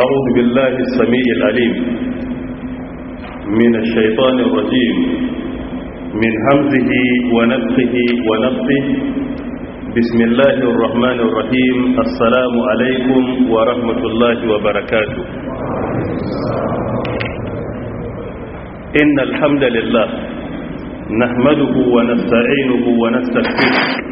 أعوذ بالله السميع العليم من الشيطان الرجيم من همزه ونفخه ونفخه بسم الله الرحمن الرحيم السلام عليكم ورحمة الله وبركاته إن الحمد لله نحمده ونستعينه ونستغفره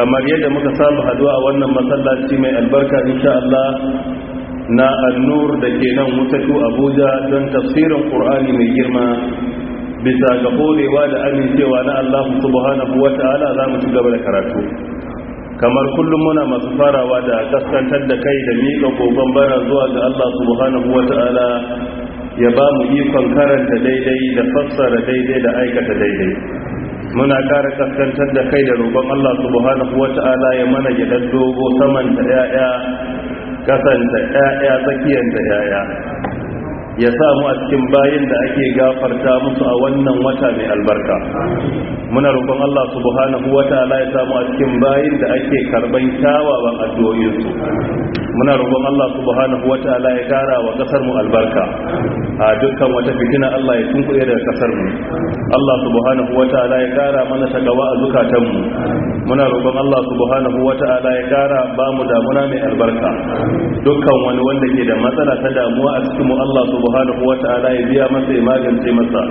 kamar yadda muka samu haduwa a wannan masallaci mai albarka insha Allah na annur da ke nan mutatu abuja don tafsirin ƙur'ani mai girma bisa ga ƙorewa da amincewa na Allah subhanahu wa ta'ala za mu ci gaba da karatu kamar kullum muna masu farawa da kaskantar da kai da miƙa kogon bara zuwa ga Allah subhanahu wa ta'ala ya ba mu ikon karanta daidai da fassara daidai da aikata daidai muna ƙara kaskantar da kai da roƙon Allah subhanahu ta'ala ya mana gidan dogo saman da yaya kasan da yaya tsakiyar da yaya ya mu a cikin bayin da ake gafarta musu a wannan wata mai albarka muna roƙon Allah subhanahu ta'ala ya samu a cikin bayin da ake karban kyawawan addu'o'insu muna roƙon Allah subhanahu wataala ya kara wa kasar mu albarka a dukkan wata fitina Allah ya tunkure daga kasar mu Allah subhanahu wataala ya kara mana shagawa a zukatan mu muna roƙon Allah subhanahu wataala ya kara ba mu damuna mai albarka dukkan wani wanda ke da matsala ta damuwa a cikin mu Allah subhanahu wataala ya biya masa ya magance masa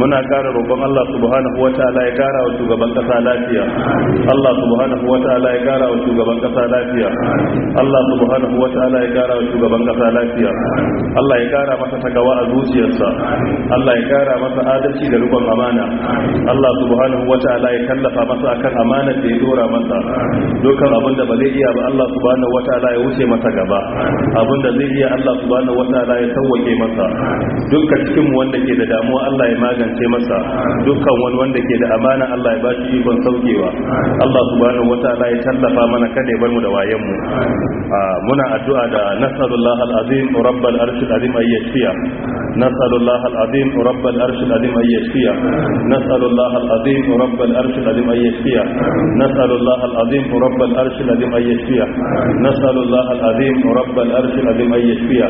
muna kara roƙon Allah subhanahu wataala ya kara wa shugaban kasa lafiya Allah subhanahu wataala ya kara wa shugaban kasa lafiya Allah subhanahu wa ta'ala ya kara wa shugaban kasa lafiya Allah ya kara masa tagawa a zuciyarsa Allah ya kara masa adalci da rikon amana Allah subhanahu wa ta'ala ya kallafa masa akan amanar da ya dora masa dukkan abin da ba zai iya ba Allah subhanahu wa ta'ala ya wuce masa gaba abin da zai iya Allah subhanahu wa ta'ala ya tawwake masa dukkan cikin wanda ke da damuwa Allah ya magance masa dukkan wani wanda ke da amana Allah ya ba shi ikon saukewa Allah subhanahu wa ta'ala ya tallafa mana kada ya bar mu da wayen mu muna addu'a da nasarullah al'azim rabbal arshil azim ay yashfiya nasarullah al'azim rabbal arshil azim ay yashfiya nasarullah al'azim rabbal arshil azim ay yashfiya nasarullah al'azim rabbal arshil azim ay yashfiya nasarullah al'azim rabbal arshil azim ay yashfiya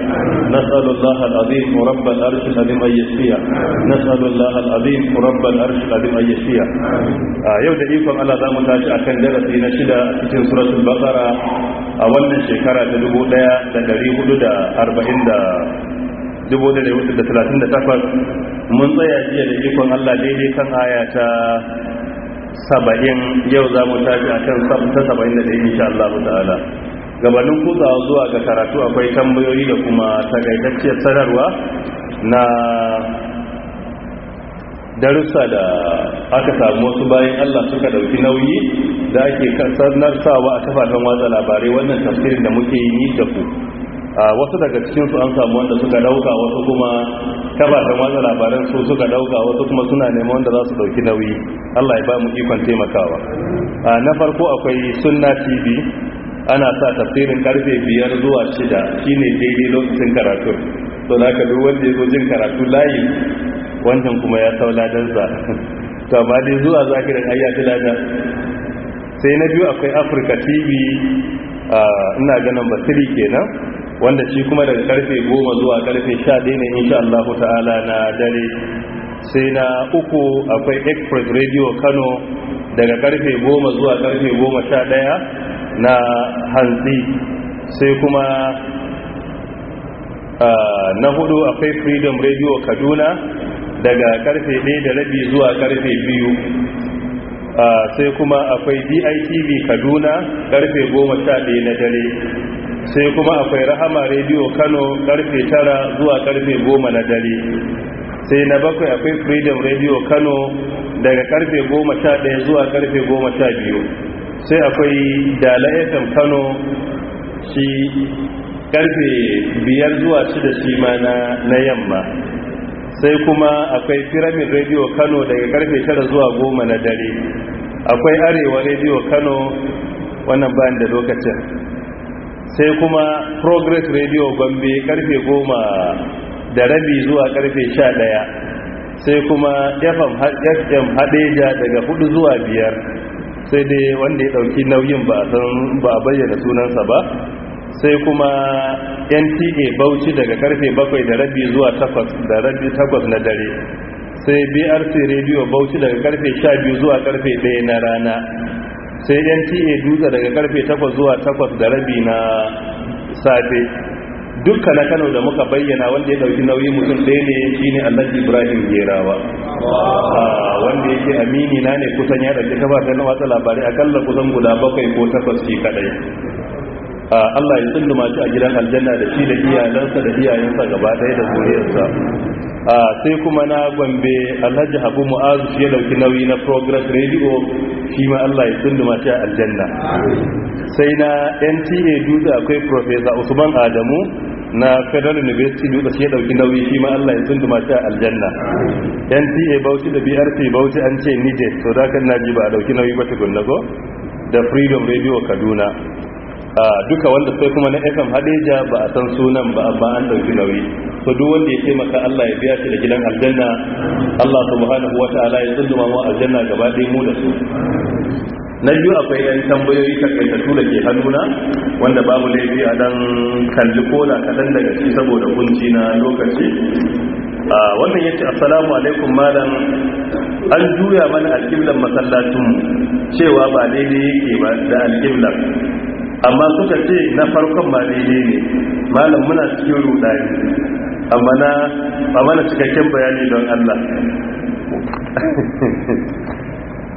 nasarullah al'azim rabbal arshil azim ay yashfiya nasarullah al'azim rabbal arshil azim ay yashfiya yau da ikon Allah za mu tashi akan darasi na shida cikin suratul baqara a wannan shekara shekara ta dubu ɗaya da dari hudu da arba'in da dubu da da hudu da talatin da takwas mun tsaya jiya da ikon allah daidai kan aya ta saba'in yau za mu tafi a kan ta saba'in da ɗaya insha allah ta'ala gabanin kutsawa zuwa ga karatu akwai tambayoyi da kuma takaitacciyar sanarwa na darussa da aka samu wasu bayan Allah suka dauki nauyi da ake kasar sawa a kafafen watsa labarai wannan tafsirin da muke yi ni da ku wasu daga cikin su an samu wanda suka dauka wasu kuma kafafen watsa labaran su suka dauka wasu kuma suna neman wanda za su dauki nauyi Allah ya ba mu ikon taimakawa na farko akwai sunna tv ana sa tafsirin karfe biyar zuwa shida shine daidai lokacin karatu to da ka duk wanda ya zo jin karatu layi Wannan kuma ya sau ladansa to amma dai zuwa zakirin da ya fi sai na biyu akwai afirka tv ina ganin basiri kenan wanda shi kuma daga karfe goma zuwa karfe sha ɗaya ne insha Allah ta'ala na dare sai na uku akwai express radio kano daga karfe goma zuwa karfe goma sha ɗaya na hantsi sai kuma na hudu akwai freedom radio kaduna daga karfe 1 da rabi zuwa karfe 2 sai kuma akwai DITV Kaduna karfe 11 na dare sai kuma akwai Rahama Radio Kano karfe 9 zuwa karfe 10 na dare sai na bakwai akwai Freedom Radio Kano daga karfe 11 zuwa karfe 12 sai akwai Dala FM Kano shi karfe 5 zuwa 6 shi ma na yamma sai kuma akwai firamin radio kano daga karfe 9 zuwa 10 na dare akwai arewa radio kano wannan bayan da lokacin sai kuma progress radio gombe karfe 10 da rabi zuwa karfe 11 sai kuma fm hadeja daga 4 zuwa 5 sai dai wanda ya dauki nauyin ba a bayyana sunansa ba sai kuma nta bauchi daga karfe 7 da rabi zuwa 8 da rabi 8 na dare sai brc radio bauchi daga karfe 12 zuwa karfe 1 na rana sai nta dutse daga karfe 8 zuwa 8 da rabi na safe dukka na kano da muka bayyana wanda ya dauki nauyi mutum ɗaya ne shi ne Allah ibrahim gerawa ah, wanda yake amini na ne kusan ya ɗauki na watsa labarai akalla kusan guda bakwai ko takwas shi kadai Allah ya tsunduma shi a gidan aljanna da shi da iyalansa da iyayensa gaba ɗaya da zuriyarsa sai kuma na gombe alhaji habu mu'azu shi ya dauki nauyi na progress radio shi ma Allah ya tsunduma shi a aljanna sai na nta dutse akwai professor usman adamu na federal university dutse shi ya dauki nauyi shi ma Allah ya tsunduma shi a aljanna nta bauchi da BRP bauchi an ce nije to da naji ba a dauki nauyi ba tukunna ko da freedom radio kaduna duka wanda sai kuma na fm hadeja ba a san sunan ba amma an dauki nauyi so duk wanda ya taimaka Allah ya biya shi da gidan aljanna Allah subhanahu wa ta'ala ya tsunduma mu aljanna gaba ɗaya mu da su na biyu akwai yan tambayoyi takaitattu da ke hannuna wanda babu laifi a dan kalli kola kaɗan daga shi saboda kunci na lokaci wannan yace ce assalamu alaikum malam an juya mana alƙiblar masallacinmu cewa ba daidai yake ba da alƙiblar. amma suka ce na farkon ma daidai ne malam muna cikin rudani amma na ba mana cikakken bayani don Allah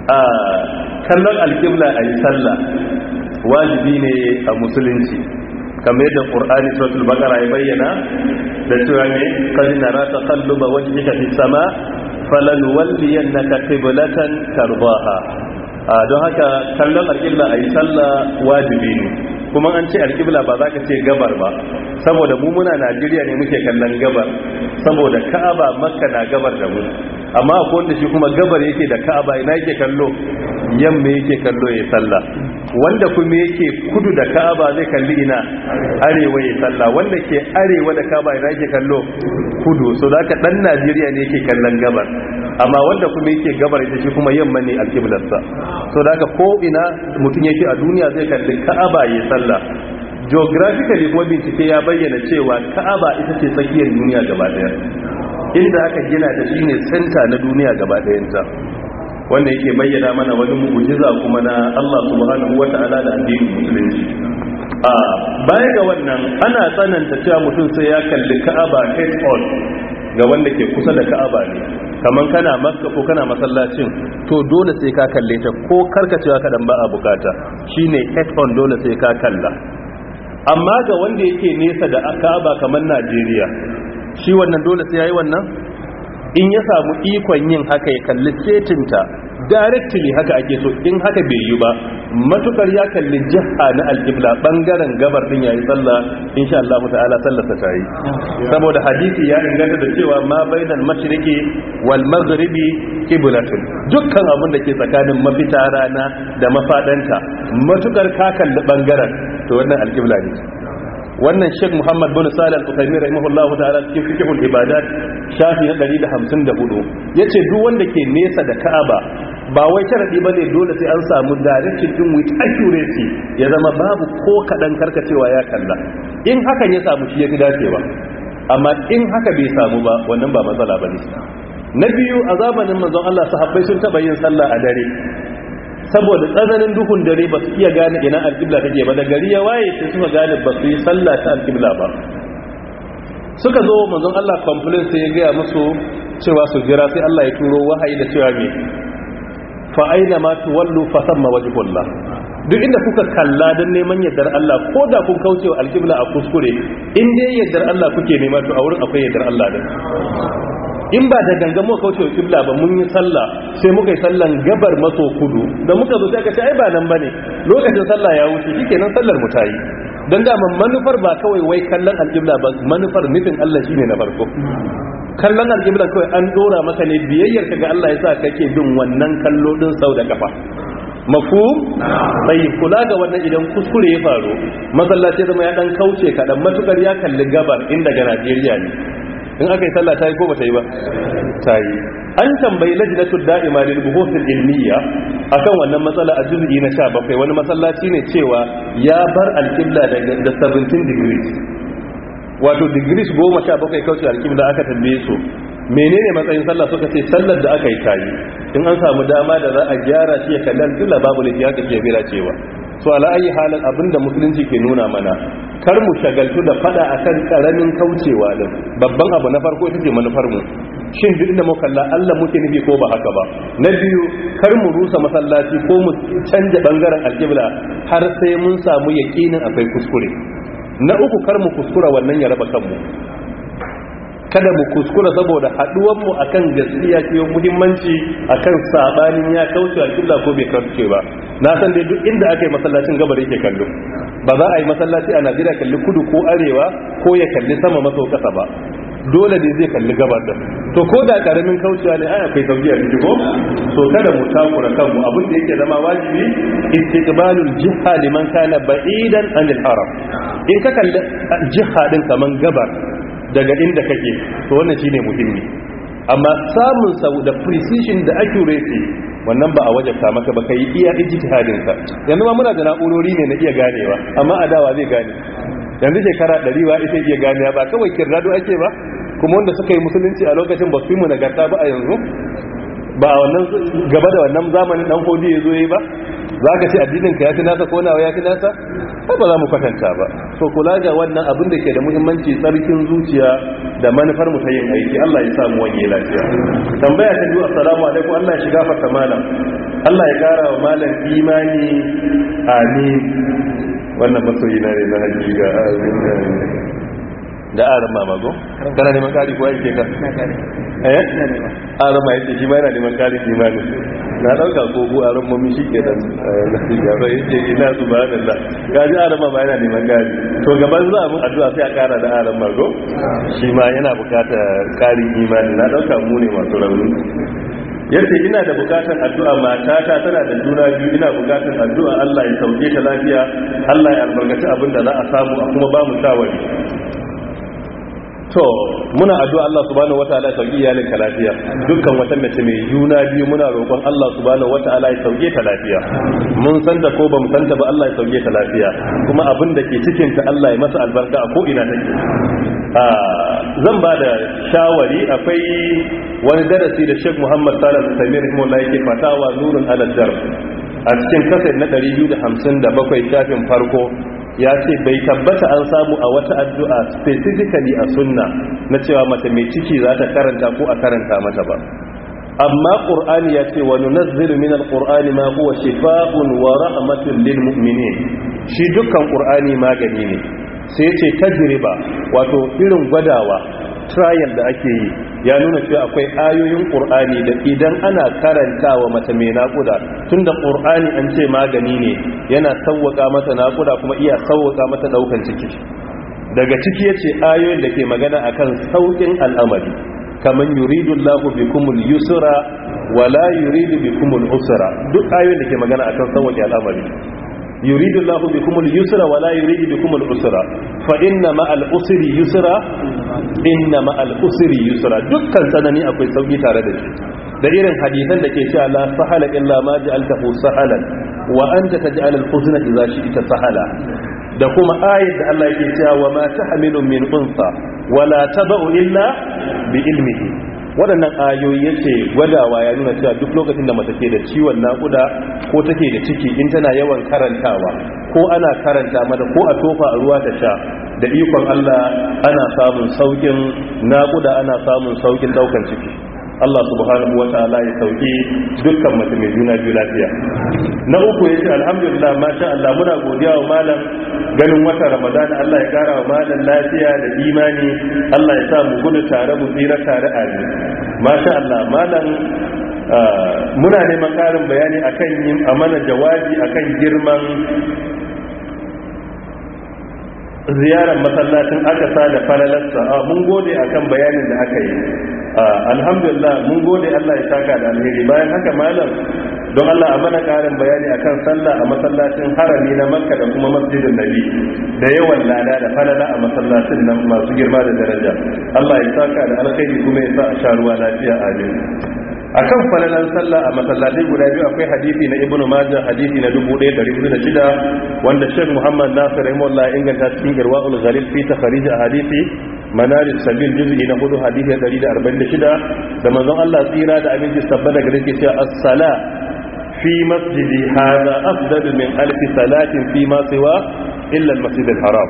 a ah, kallon alƙibla a yi sallah wajibi ne a musulunci kamar da ƙur'ani suratul bakara ya bayyana da cewa ne kallu ba wajibi ka fi sama ka falanwalliyannaka bulatan karbaha don haka kallon alƙibla a yi sallah wajibi ne kuma an ce alƙibla ba za ka ce gabar ba saboda mu muna najeriya ne muke kallon gabar saboda ka'aba makka na gabar da mu amma akwai wanda shi kuma gabar yake da ka'aba ina yake kallo yamma yake kallo ya sallah wanda kuma yake kudu da ka'aba zai kalli ina arewa ya sallah wanda ke arewa da ka'aba ina yake kallo kudu so zaka dan Najeriya ne yake kallon gabar amma wanda kuma yake gabar ita shi kuma yamma ne alkiblarsa so da haka ko ina mutum yake a duniya zai kalli ka'aba ya sallah geographically kuma bincike ya bayyana cewa ka'aba ita ce tsakiyar duniya gaba daya inda aka gina ta shine center na duniya gaba dayanta wanda yake bayyana mana wani mu'jiza kuma na Allah subhanahu wata'ala da addinin musulunci a bayan ga wannan ana tsananta cewa mutum sai ya kalli ka'aba head on ga wanda ke kusa da ka'aba ne kaman kana makka ko kana masallacin to dole sai ka kalle ta ko karkacewa kadan ba a bukata shine head on dole sai ka kalla amma ga wanda yake nesa da akaba kaman Najeriya shi wannan dole sai yayi wannan in ya samu ikon yin haka ya kalli setinta directly haka ake so in haka bai yi ba matukar ya kalli jiha na alkibla bangaren gabar din yayi sallah insha Allah ta'ala sallar ta yi saboda hadisi ya inganta da cewa ma bainal mashriqi wal maghribi qiblatun dukkan abun da ke tsakanin mafita rana da mafadanta matukar ka kalli bangaren to wannan alƙibla ne wannan sheikh muhammad bin salih al-uthaymeen rahimahullahu ta'ala cikin fiqhul ibadat shafi na 154 yace duk wanda ke nesa da ka'aba ba wai sharadi bane dole sai an samu direction din with accuracy ya zama babu ko kadan karkacewa ya kalla in hakan ya samu shi ya fi dacewa amma in haka bai samu ba wannan ba matsala bane na biyu a zamanin manzon Allah sahabbai sun taba yin sallah a dare saboda tsananin duhun dare ba su iya gane ina alƙibla take ba da gari ya waye sai suka gane ba su yi sallah ta alƙibla ba suka zo manzon Allah complain sai ya gaya musu cewa su jira sai Allah ya turo wahayi da cewa me fa aina ma tuwallu fa thamma wajhullah duk inda kuka kalla dan neman yardar Allah ko da kun kauce wa alƙibla a kuskure in dai yardar Allah kuke nema to a wurin akwai yaddar Allah din in ba da gangan muka kauce kibla ba mun yi sallah sai muka yi sallan gabar maso kudu da muka zo sai aka ce ai ba nan bane lokacin sallah ya wuce shikenan sallar mu ta yi dan man manufar ba kawai wai kallon aljibla ba manufar nufin Allah shine na farko kallon aljibla kawai an dora maka ne biyayyar ka ga Allah ya sa kake bin wannan kallo din sau da kafa mafu bai kula ga wannan idan kuskure ya faru masallaci zama ya dan kauce kaɗan matukar ya kalli gabar inda ga najeriya ne in aka yi sallah ta yi ko ba ta yi ba ta yi an tambayi lajinatul da'ima lil buhuthil ilmiya akan wannan matsala a juz'i na 17 wani masallaci ne cewa ya bar al-qibla da 17 degrees wato degrees 17 kauce qibla aka tambaye su menene matsayin sallah suka ce sallar da aka yi ta yi? in an samu dama da za a gyara shi ya kalli alqibla babu laifi haka ke bira cewa to ala ayi halin abinda musulunci ke nuna mana kar mu shagaltu da fada akan karamin kaucewa din babban abu na farko ita ce manufar mu shin duk da muka kalla Allah muke nufi ko ba haka ba na biyu kar mu rusa masallaci ko mu canja bangaren alqibla har sai mun samu yaqinin akwai kuskure na uku kar mu kuskura wannan ya raba kanmu kada mu kuskura saboda haduwar mu akan gaskiya ce muhimmanci akan sabanin ya kauce alƙibla ko bai kauce ba na san dai duk inda aka yi masallacin gabar yake kallo ba za a yi masallaci a Najeriya kalli kudu ko arewa ko ya kalli sama maso kasa ba dole ne zai kalli gabar da to ko da karamin kaucewa ne ai akwai sauki a ko so kada mu takura kanmu abin da yake zama wajibi istiqbalul jiha liman kana ba'idan anil haram in ka kalli jiha din kaman gabar daga inda kake to wannan shine muhimmi amma samun sau da precision da accuracy wannan ba a wajabta maka ba kai iya ijtihadin ka yanzu ma muna da na'urori ne na iya ganewa amma adawa zai gane yanzu shekara 100 wa ita iya ganewa ba kawai kirrado ake ba kuma wanda suka yi musulunci a lokacin ba su yi mu nagarta ba a yanzu ba a wannan gaba da wannan zamanin dan kodi ya zo yi ba za ka ce ka ya fi nasa ko nawa ya fi nasa ba za mu kwatanta ba so kula ga wannan abin da ke da muhimmanci tsarkin zuciya da manufar mu ta yin aiki Allah ya samu wani lafiya tambaya ta biyu assalamu alaikum Allah ya shiga fata malam Allah ya kara wa malam imani amin wannan masoyi na ne na ga amin da aran mama go kana neman kari ko yake ka eh aran ma yake shi ma yana neman kari shi ma na dauka gogo aran mami shi ke dan ya eh, ba yake ina subhanallah ji aran ma yana neman kari to gaban zuwa mu addu'a sai a kara da aran mago shi ma yana bukata kari imani na dauka mu ne masu rauni yace ina da bukatar addu'a matata tana da juna biyu ina bukatar addu'a Allah ya sauke ta lafiya Allah ya albarkaci abinda za a samu a kuma ba mu shawari to muna addu'a Allah subhanahu wataala ya sauki iyalin ka lafiya dukkan wata mace mai juna biyu muna roƙon Allah subhanahu wataala ya sauke ta lafiya mun san ta ko ba mu san ta ba Allah ya sauke ta lafiya kuma abin da ke cikin ta Allah ya masa albarka a ko ina take a ah, zan ba da shawari akwai wani darasi da Sheikh Muhammad Salah Al-Saimi rahimahullah yake fatawa nurun ala a cikin kasar na 257 shafin farko ya ce bai tabbata an samu a wata addu'a specifically a sunna na cewa mata mai ciki za ta karanta ko a karanta mata ba amma ƙur'ani ya ce wani nazir minar ƙur'ani ma kuwa shifa'un wa rahmatun lil mu'minin shi dukkan ƙur'ani magani ne sai ce tajriba wato irin gwadawa trial da ake yi ya nuna cewa akwai ayoyin qur'ani da idan ana karantawa mace mai naƙuda tunda qur'ani an ce magani ne yana sauwaka mata naƙuda kuma iya sauwaka mata ɗaukan ciki daga ciki yace ayoyin da ke magana akan sauƙin al'amari kaman yuridullahu bikumul yusra wala yuridu bikumul usra duk ayoyin da ke magana akan sauƙin al'amari Yuridullahu Allahu bikum al-yusra wa la yuridu bikum usra fa inna ma al-usri yusra yusra dukkan tsanani akwai sauki tare da shi da irin hadisan da ke cewa la sahala illa ma hu sahalan wa anta taj'al al-huzna idza shi'ta sahala da kuma ayat da Allah yake cewa wa ma tahmilu min unsa Wala la tad'u illa bi ilmihi waɗannan ayoyi yace gwadawa ya nuna cewa duk lokacin da mace ke da ciwon nakuda ko take da ciki in tana yawan karantawa ko ana karanta mata ko a tofa a ruwa ta sha da ikon Allah ana samun saukin naƙuda ana samun saukin daukan ciki Allah subhanahu wata'ala ya sauki dukkan mace mai juna biyu lafiya na uku yace alhamdulillah masha Allah muna godiya wa malam ganin wata ramadan Allah ya kara wa malan lafiya da imani Allah ya sa mu gudu tare mu tsira tare a masha Allah malan ah, muna neman karin bayani akan yin amana jawabi akan girman ziyarar masallacin akasa da falalarsa ah, mun gode akan bayanin da aka yi ah, alhamdulillah mun gode Allah ya saka da alheri bayan haka malam don Allah a mana karin bayani akan sallah a masallacin harami na makka da kuma masjidin nabi da yawan lada da falala a masallacin nan masu girma da daraja Allah ya saka da alheri kuma ya sa a sha ruwa lafiya amin akan falalan sallah a masallatai guda biyu akwai hadisi na ibnu majah hadisi na 1406 wanda sheikh muhammad nasir rahimahullah inganta cikin irwaul ghalil fi takhrij hadisi manar sabil juz'i na 4 hadisi 146 da manzon Allah tsira da abinci sabba daga yake cewa as-sala fi masjidi hada afdalu min alf salatin fi ma siwa illa al-masjid al-haram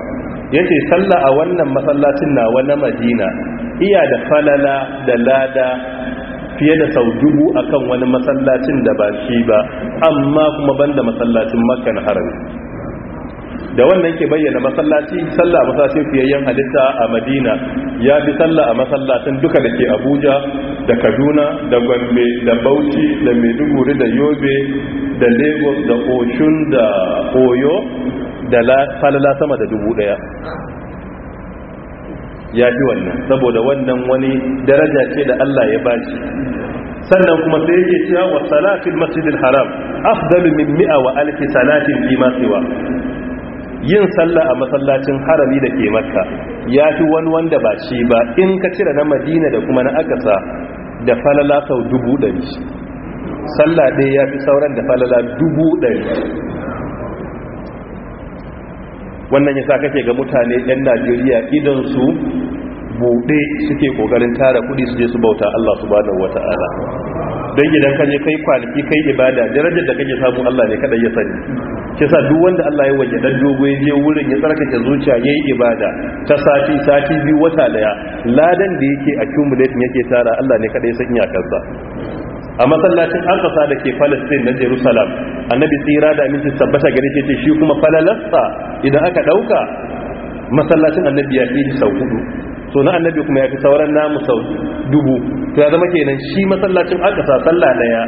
yace sallah a wannan masallacin na na madina iya da falala da lada fiye da sau dubu akan wani masallacin da ba shi ba amma kuma banda masallacin na harami da wannan ke bayyana masallaci sallah a masallacin fiyayyen halitta a madina ya bi sallah a masallacin duka da ke abuja da kaduna da gombe da bauchi da maiduguri da yobe da lagos da oshun da oyo da falala sama da dubu daya ya fi wannan saboda wannan wani daraja ce da Allah ya bashi sannan kuma sai yake cewa wa salatul masjidil haram afdalu min mi'a wa alf salatin fi ma siwa yin sallah a masallacin harami da ke makka ya fi wani wanda ba shi ba in ka cire na madina da kuma na akasa da falala sau dubu ɗari sallah ɗaya ya fi sauran da falala dubu ɗari wannan ya sa kake ga mutane 'yan najeriya idan su. buɗe suke ƙoƙarin tara kuɗi su je su bauta Allah subhanahu ala dan idan ka je kai kwaliki kai ibada darajar da kake samu Allah ne kada ya sani kisa duk wanda Allah ya waje dan dogo ya je wurin ya tsarkake zuciya yayi ibada ta sati sati biyu wata daya ladan da yake accumulate yake tara Allah ne kada ya san kansa. a masallacin Aqsa da ke Palestine na Jerusalem annabi tsira da aminci tabbata gare ce shi kuma falalasta idan aka dauka masallacin annabi ya fi sau hudu so na annabi kuma ya fi sauran namu sau dubu to ya zama kenan shi masallacin akasa sallah daya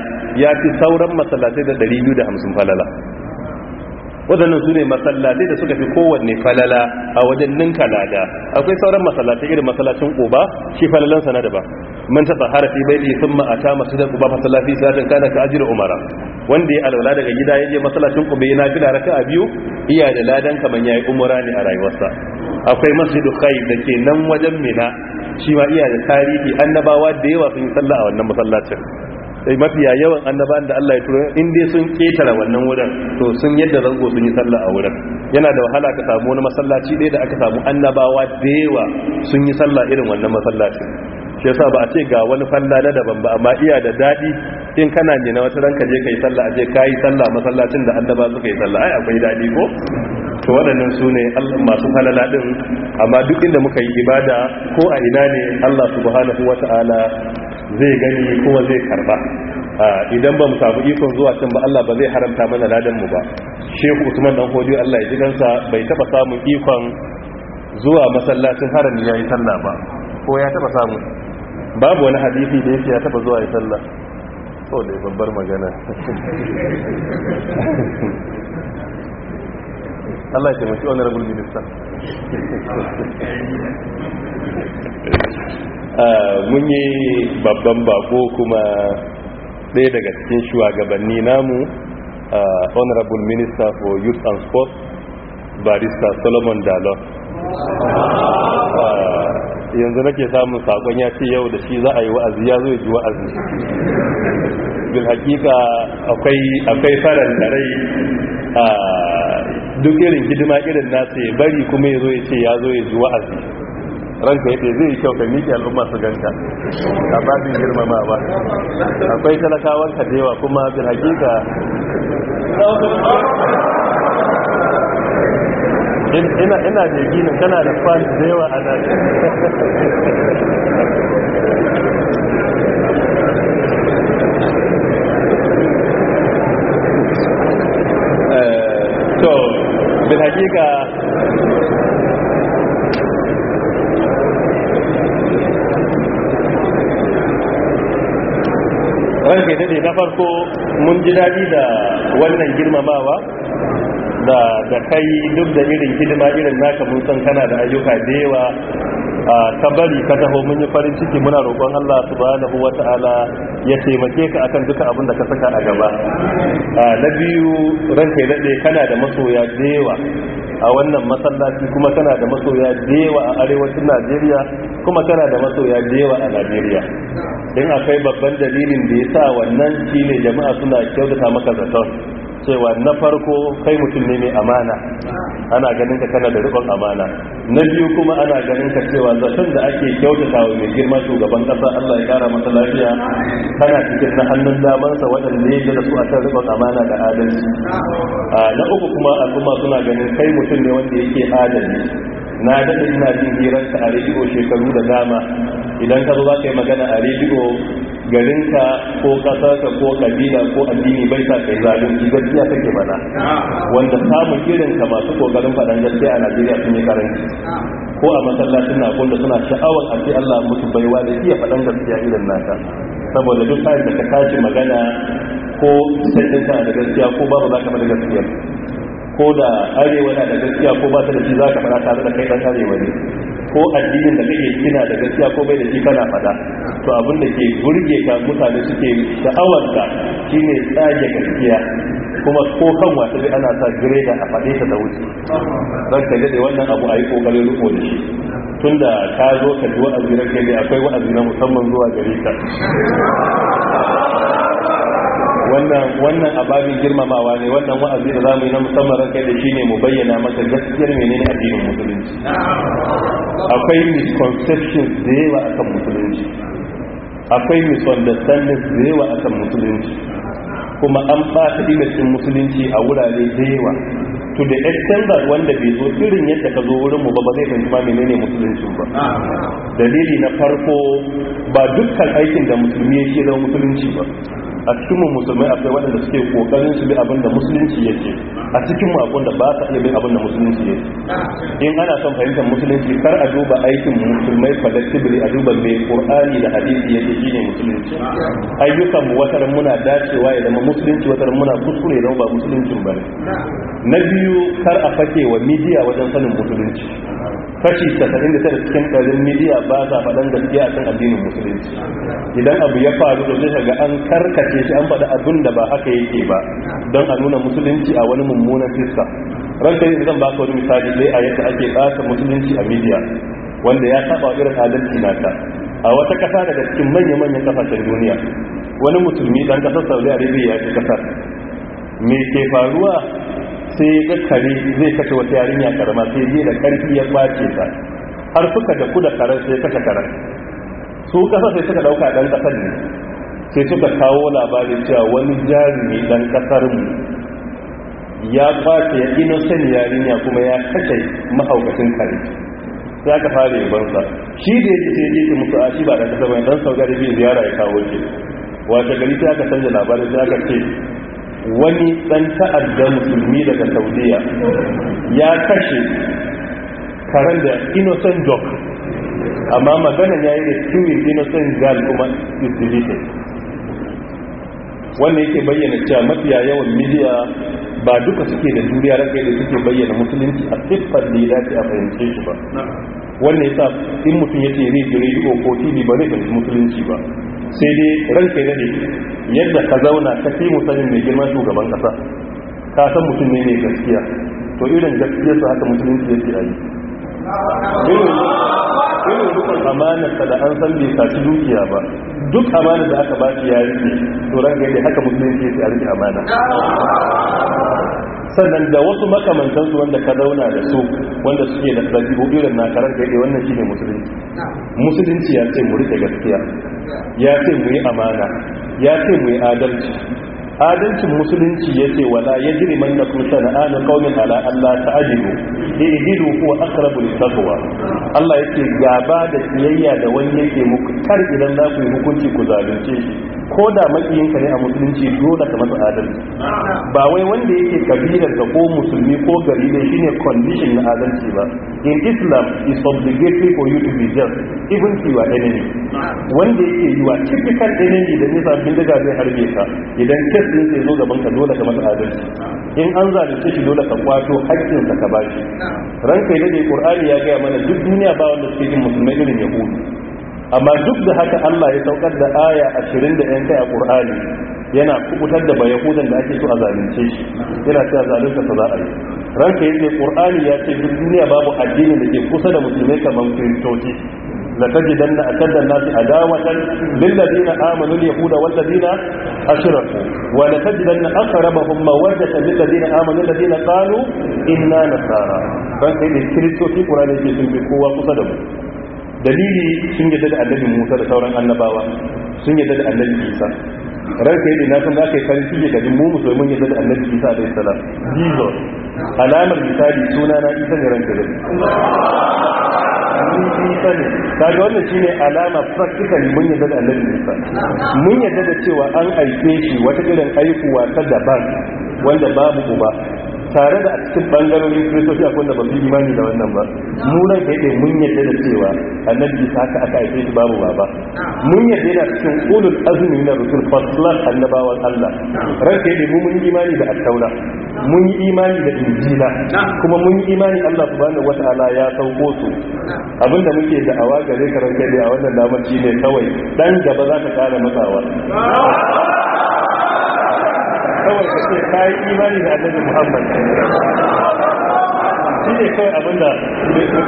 ya fi sauran masallatai da 250 falala Wadannan su ne masallatai da suka fi kowanne falala a wajen ninka lada akwai sauran masallatai irin masallacin uba shi falalan sana na ba man taɓa harafi bai ne sun ma'ata masu da ƙuba masallafi satin kana ka ajiyar umara wanda ya alwala daga gida ya je masallacin ƙuba ya nafi da raka a biyu iya da ladan kamar ya yi umara ne a rayuwarsa akwai masjidu kai da ke nan wajen mina shi ma iya da tarihi annabawa da yawa sun yi sallah a wannan masallacin sai eh, mafiya yawan annabawan da Allah ya turo in dai sun ketara wannan wurin to sun yadda zango sun yi salla a wurin yana da wahala ka samu wani masallaci ɗaya da aka samu annabawa da yawa sun yi sallah irin wannan masallacin shi yasa ba a ce ga wani falla na daban ba amma iya da dadi in kana ne na wata ranka je kai sallah a je kai sallah masallacin da annaba suka yi sallah ai akwai dadi ko to waɗannan su ne masu falala din amma duk inda muka yi ibada ko a ina ne Allah subhanahu wata'ala zai gani kuma zai karba idan ba mu samu ikon zuwa can ba Allah ba zai haramta mana ladan mu ba Sheikh Usman dan Hodi Allah ya ji gansa bai taba samun ikon zuwa masallacin ya yayin sallah ba ko ya taba samu babu wani hadisi da yake ya taba zuwa ya sallah so da babbar magana Allah ya taimaki wani rabin minista ah, mun yi babban bako kuma ɗaya daga cikin shugabanni namu ah, honorable minister for youth and sports barista solomon dalon ah, yanzu nake samun sakon ya ce yau da shi za a yi wa'azi ya zo ji wa'azi bil hakika akwai akwai faran da rai a duk irin hidima irin nasu ya bari kuma ya zo ya ce ya zo ya ji wa'azi ranka yadda zai kyau ka miƙe al'umma su ganta a babin girmama ba akwai talakawar kadewa kuma bil hakika ina ina da gina kana da fan da yawa a nan So eh, bin hakika dade na farko mun ji dadi da wannan girmamawa da da kai duk da irin hidima irin naka mun san kana da ayyuka da yawa ka bari ka taho mun yi farin ciki muna roƙon Allah subhanahu wata'ala ya taimake ka akan duka abin da ka saka a gaba na biyu ranka ya daɗe kana da masoya da yawa a wannan masallaci kuma kana da masoya da yawa a arewacin Najeriya kuma kana da masoya da yawa a Najeriya in akwai babban dalilin da ya sa wannan shine jama'a suna kyautata maka zaton cewa na farko kai mutum ne mai amana ana ganin ka kana da rikon amana na biyu kuma ana ganin ka cewa zaton da ake kyautata wa mai girma shugaban kasa Allah ya kara masa lafiya kana cikin na hannun sa waɗanda ya da su a kan rikon amana da adalci na uku kuma al'umma suna ganin kai mutum ne wanda yake adalci na daɗa ina jin hirar sa a rediyo shekaru da dama idan ka zo za ka yi magana a rediyo garinka ko kasarka ko kabila ko addini bai sa kai zalunci gaskiya kake bana, wanda samun irin ka masu kokarin faɗan gaskiya a Najeriya sun yi karanci ko a masallacin na da suna sha'awar a ce Allah musu baiwa da iya faɗan gaskiya irin nata saboda duk sai da ka tashi magana ko sai da gaskiya ko babu za ka da gaskiya ko da arewa na da gaskiya ko ba ta da shi za ka fara tare da kai ɗan arewa ne ko addinin da kake kina da gaskiya ko bai da shi kana fada to abin da ke burge ka mutane suke da ka shine tsage gaskiya kuma ko kan wata bi ana sa greda a faɗe ta da wuce dan ka dade wannan abu ayi kokarin riko da shi tunda ka zo ka ji wa'azi rake akwai wa'azi na musamman zuwa gare ka wannan wannan ababin girmamawa ne wannan wa'azi da zamu yi na musamman ranka da shine mu bayyana maka gaskiyar menene addinin musulunci akwai misconceptions da yawa akan musulunci akwai misunderstandings da yawa akan musulunci kuma an fata cikin musulunci a wurare da yawa to the extent that wanda bai zo irin yadda ka zo wurin mu ba ba zai fahimci ma menene musulunci ba dalili na farko ba dukkan aikin da musulmi yake zama musulunci ba a cikin musulmai akwai waɗanda suke kokarin su bi abin da musulunci yake a cikin mu akwai da ba ta iya abin da musulunci yake in ana son fahimtar musulunci kar a duba aikin musulmai collectively a duba mai qur'ani da hadisi yake shine musulunci ayyukan mu watar muna dacewa idan mu musulunci watar muna kuskure idan ba musulunci ba ne, na biyu kar a fake wa media wajen sanin musulunci kashi 99 cikin ɗarin media ba sa faɗan gaskiya a kan addinin musulunci idan abu ya faru da zai ga an karkace sai shi an faɗi abin da ba haka yake ba don a nuna musulunci a wani mummunan fiska ranka yi zan baka wani misali dai a yadda ake ɓata musulunci a midiya wanda ya saba irin adalci nata. a wata kasa daga cikin manya-manyan kasashen duniya wani musulmi dan kasar saudi arabia ya ce kasar me ke faruwa sai ya kare zai kashe wata yarinya karama sai je da karfi ya kwace ta har suka da kuda karar sai kashe karar su kasa sai suka dauka dan kasar ne sai suka kawo labari cewa wani jarumi dan kasarmu ya kwace innocent yarinya kuma ya kashe mahaukacin kare sai aka fara banza. shi da ya ce yake musu a shi ba da kasa bane dan saudi arabia ziyara ya kawo ke wace gari sai aka canza labarin sai aka ce wani dan ta'adda musulmi daga saudiya ya kashe karen da innocent dog amma maganan ya yi da ciwon innocent girl kuma is deleted wannan yake bayyana cewa mafiya yawan midiya ba duka suke da juriya rage da suke bayyana musulunci a siffar da ya dace a fahimce shi ba wannan yasa in mutum ya zai ji rediyo ko tv ba zai fahimci musulunci ba sai dai ranka da ne yadda ka zauna ka fi musulun mai girman shugaban kasa ka san mutum ne mai gaskiya to irin gaskiyarsa haka musulunci yake a yi amanarsa da an san bai saci dukiya ba duk amana da aka ba ya rike to ran gaida haka musulunci ya ce a rike amana sannan da wasu makamantansu wanda ka zauna da su wanda suke da ko irin na karar gaida wannan shine musulunci musulunci ya ce mu rike gaskiya ya ce mu yi amana ya ce mu yi adalci adalcin musulunci yace wala yajri man nakum sana'an qaumin ala alla ta'dilu idilu huwa aqrabu littaqwa Allah ya yace gaba da siyayya da wani yake muku kar idan za ku yi hukunci ku zalunce shi ko da makiyinka ne a musulunci dole ka masa adalci ba wai wanda yake kabilar ka ko musulmi ko gari ne shine condition na adalci ba in islam is obligatory for you to be just even to your enemy wanda yake yi wa typical enemy da nisa bindiga zai harbe ka idan kes In sai zo gaban ka dole ka masa adalci in an zalunce shi dole ka kwato haƙƙin ka ka bashi ranka ya dade qur'ani ya ga mana duk duniya ba wanda suke jin musulmai irin yahudu amma duk da haka Allah ya saukar da aya 20 da yan kai a qur'ani yana kubutar da bayahudan da ake so a zalunce shi yana cewa zalunta ta za'a yi ranka ya dade qur'ani ya ce duk duniya babu addini da ke kusa da musulmai kamar kristoci لتجدن أشد الناس عداوة للذين آمنوا اليهود والذين أشركوا ولتجدن أقربهم مودة للذين آمنوا الذين قالوا إنا نصارى فإن الكريستوسي قرآن يجب أن قصدهم dalili sun yadda da annabi musa da sauran annabawa sun yadda da annabi isa ranka yadda na sun da aka yi farin ciki ga mu musulmin yadda da annabi isa da salam jesus alamar misali suna na isa ne ranka da sun sun sani kaga wannan shine alama practical mun yadda da annabi Musa mun yadda da cewa an aike shi wata irin aikuwa ta daban wanda babu mu ba tare da a cikin bangarorin kristoci akwai wanda ban imani da wannan ba mu ran kai mun yadda da cewa annabi isa ka aka haife shi babu baba mun yadda da cikin ulul azmi na rusul faslan annabawan Allah ran kai mu mun imani da at-taura mun yi imani da injila kuma mun yi imani Allah subhanahu wataala ya sauko su abinda muke da awa gare ka ran kai a wannan damar ne kawai dan gaba za ka kara matsawa kawai ka ce ka yi imani da annabi muhammad shi ne kai abinda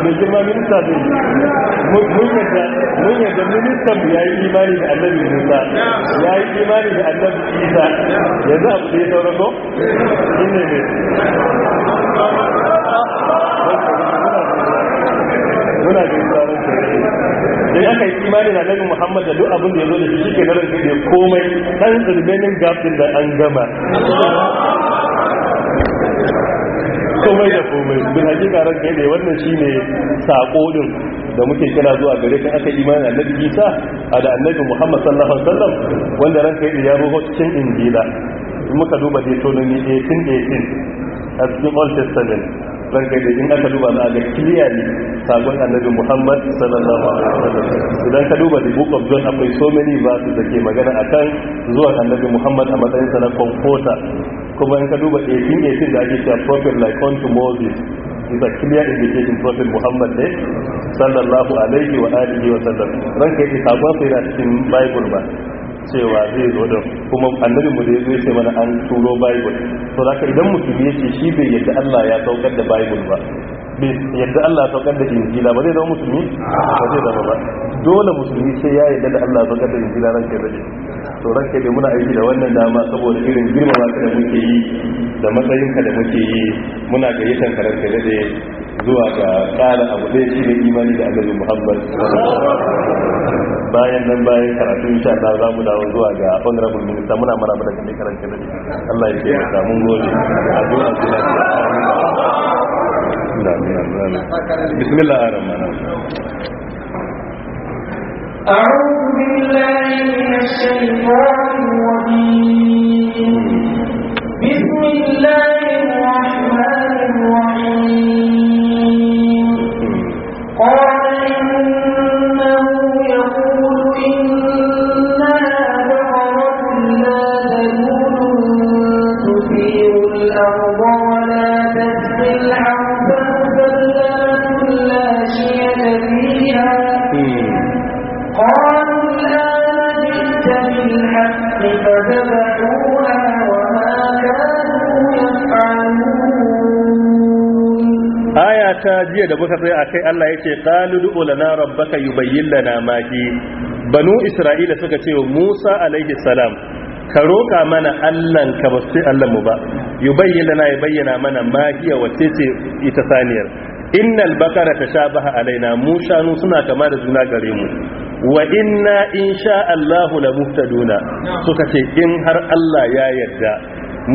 mai girma minista ne mun yadda minista mu ya yi imani da annabi musa ya yi imani da annabi isa yanzu abu da ya sauran ko shi ne ne muna da yi da aka yi imanin nabi Muhammad da duk abin da ya zo da shi shi ke nan da komai dan zulmenin gafin da an gama komai da komai bin hakika ran kai ne wannan shine sako din da muke kira zuwa gare ka aka imani nabi Isa da annabi Muhammad sallallahu alaihi wasallam wanda ran kai ya ruho cikin injila muka duba Deuteronomy 18:18 a cikin Old Testament ranka da in aka duba za a ga clearly sabon annabi Muhammad sallallahu alaihi wasallam idan ka duba the book of John akwai so many verses da ke magana akan zuwa annabi Muhammad a matsayin sa na comforter kuma in ka duba 1818 da ake cewa prophet like unto Moses is a clear indication prophet Muhammad ne sallallahu alaihi wa alihi wa sallam ranka yake sabon sai da cikin Bible ba cewa zai zo da kuma annabi mu zai ce mana an turo bible to zaka idan musulmi yake shi bai yadda Allah ya saukar da bible ba bai yadda Allah ya saukar da injila ba zai zama musulmi ba zai zama ba dole musulmi sai ya yadda da Allah ya saukar da injila ranke da shi to ranke da muna aiki da wannan dama saboda irin girmama ka da muke yi da matsayin ka da muke yi muna ga ka karanta da zuwa ga ƙara abu ɗaya shi ne imani da annabi Muhammad bayan nan bayan karatu insha Allah za mu dawo zuwa ga honorable minister muna mara da kake karan kana Allah ya kiyaye mu gode azuwa ku da Bismillah ar-Rahman أعوذ بالله من الشيطان الرجيم بسم الله الرحمن الرحيم ta jiya da muka a kai Allah yace qalu du'u lana rabbaka yubayyin lana ma fi banu isra'ila suka ce wa Musa alaihi salam ka roka mana Allah ka ba sai Allah mu ba yubayyin lana ya bayyana mana ma hiya wace ce ita saniyar innal sha baha alaina mu shanu suna kama da juna gare mu wa inna insha Allah la muhtaduna suka ce in har Allah ya yarda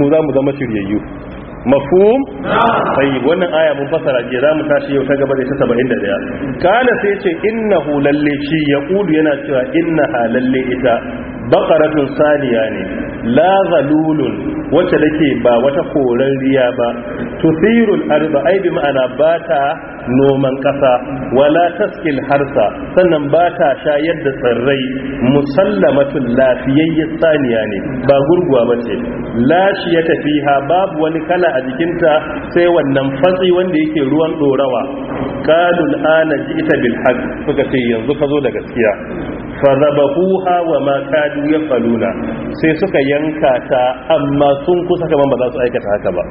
mu za mu zama shiryayyu mafhum tayyib wannan aya mun fasara je zamu tashi yau ta gaba da ta 71 kana sai ce innahu lalle shi yaqulu yana cewa innaha lalle ita baqaratun saniya ne la zalulun wacce take ba wata koran riya ba tusirul arba ai bi ma'ana ba ta noman ƙasa wala taskil harsa sannan ba ta shayar da tsirrai musallamatun lafiyayyar saniya ne ba gurguwa ba ce lashiya tafiha babu wani kala a jikinta sai wannan fatsi wanda yake ruwan ɗorawa kalul ana ji ita bil haq suka ce yanzu ka zo da gaskiya fa zabahuha wa ma kadu yaqaluna sai suka yanka ta amma sun kusa kaman ba za su aikata haka ba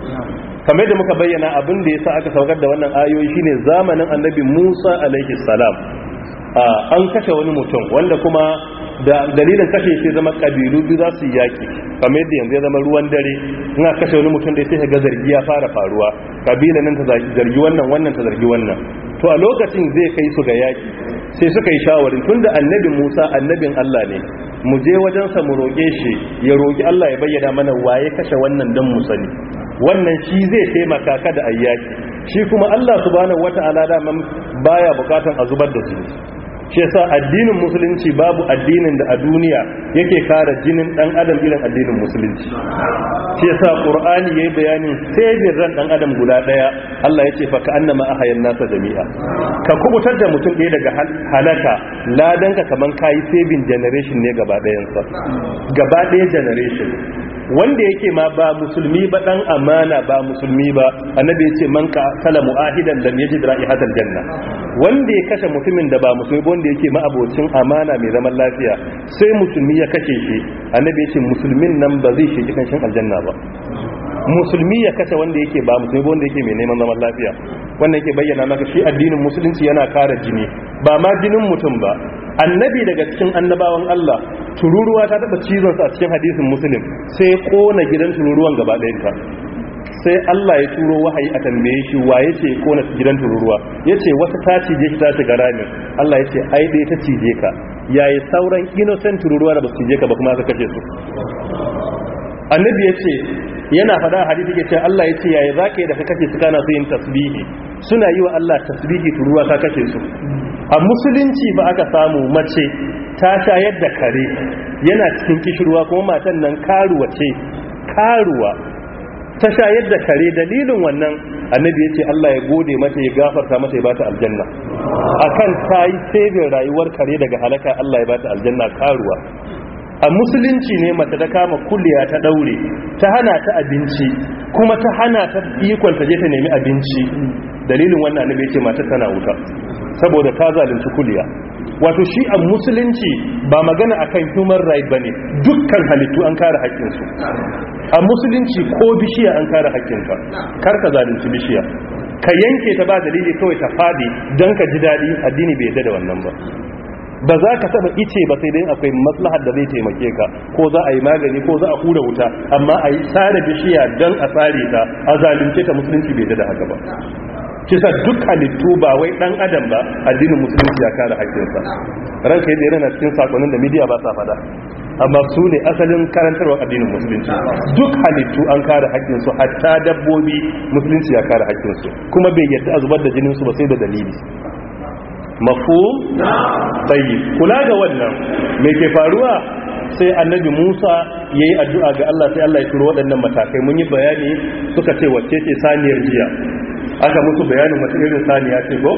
kamar da muka bayyana abin da sa aka saukar da wannan ayoyi shine zamanin annabi Musa alaihi salam an kashe wani mutum wanda kuma da dalilin kashe shi zama kabilu biyu za su yaki kamar yadda yanzu ya zama ruwan dare ina kashe wani mutum da sai ga zargi ya fara faruwa kabila nan ta zargi wannan wannan ta zargi wannan to a lokacin zai kai su ga yaki sai suka yi shawarin tunda annabi Musa annabin Allah ne mu je wajensa mu roƙe shi ya roƙi Allah ya bayyana mana waye kashe wannan dan mu sani wannan shi zai taimaka kada ayyaki shi kuma Allah subhanahu wata'ala da baya bukatan a zubar da su shi yasa addinin musulunci babu addinin da a duniya yake kare jinin dan adam irin addinin musulunci shi yasa qur'ani yayi bayanin sebin ran dan adam guda daya Allah yace fa ka'annama ahayan nasa jami'a ka kubutar da mutum ɗaya daga halaka ladanka kaman kayi sabin generation ne gaba dayan sa gaba ɗaya generation wanda yake ma ba musulmi ba dan amana ba musulmi ba annabi yace man ka salamu ahidan lam yajid ra'ihatal janna wanda ya kashe mutumin da ba musulmi ba wanda yake ma'abocin amana mai zaman lafiya sai musulmi ya kashe shi annabi ya ce musulmin nan ba zai shiga cikin aljanna ba musulmi ya kashe wanda yake ba musulmi ba wanda yake mai neman zaman lafiya wannan yake bayyana maka shi addinin musulunci yana kara jini ba ma jinin mutum ba annabi daga cikin annabawan Allah tururuwa ta taba cizon sa a cikin hadisin muslim sai kona gidan tururuwan gaba ta. sai Allah ya turo wahayi a tambaye shi wa yace na gidan tururuwa yace wata ta cije shi ta shiga ramin Allah yace ai dai ta cije ka yayi sauran innocent tururuwa da ba su cije ka ba kuma za kashe su annabi yace yana fada hadisi yake cewa Allah yace yayi zaka da ka kace su kana su yin tasbihi suna yi wa Allah tasbihi tururuwa ka kace su a musulunci ba aka samu mace ta shayar da kare yana cikin kishirwa kuma matan nan karuwa ce karuwa ta shayar da kare dalilin wannan annabi ya ce Allah ya gode mata ya gafarta mata ya bata aljanna akan ta yi sabin rayuwar kare daga halaka Allah ya bata aljanna karuwa a musulunci ne mace ta kama kulliya ta daure ta hana ta abinci kuma ta hana ta ikon ta je ta nemi abinci dalilin wannan annabi ce mata tana wuta saboda ta zalunci kulliya wato shi a musulunci ba magana akan human right bane dukkan halittu an kare haƙƙinsu a musulunci ko bishiya an kare haƙƙinka kar ka zalunci bishiya ka yanke ta ba dalili kawai ta fadi dan ka ji daɗi addini bai yadda da wannan ba ba za ka taba ice ba sai dai akwai maslahar da zai taimake ka ko za a yi magani ko za a hura wuta amma a yi tsare bishiya don a tsare ta a zalunce ta musulunci bai da haka ba kisa duk halittu ba wai dan adam ba addinin musulunci ya kare haƙƙinsa ranka yadda yana cikin sakonin da midiya ba sa fada amma su ne asalin karantarwa addinin musulunci duk halittu an kare haƙƙinsu hatta dabbobi musulunci ya kare haƙƙinsu kuma bai yarda a zubar da su ba sai da dalili mafu tayyib kula ga wannan me ke faruwa sai annabi Musa ya yi addu'a ga Allah sai Allah ya turo waɗannan matakai mun yi bayani suka ce wacce ce saniyar jiya aka musu bayanin wata irin saniya ce ko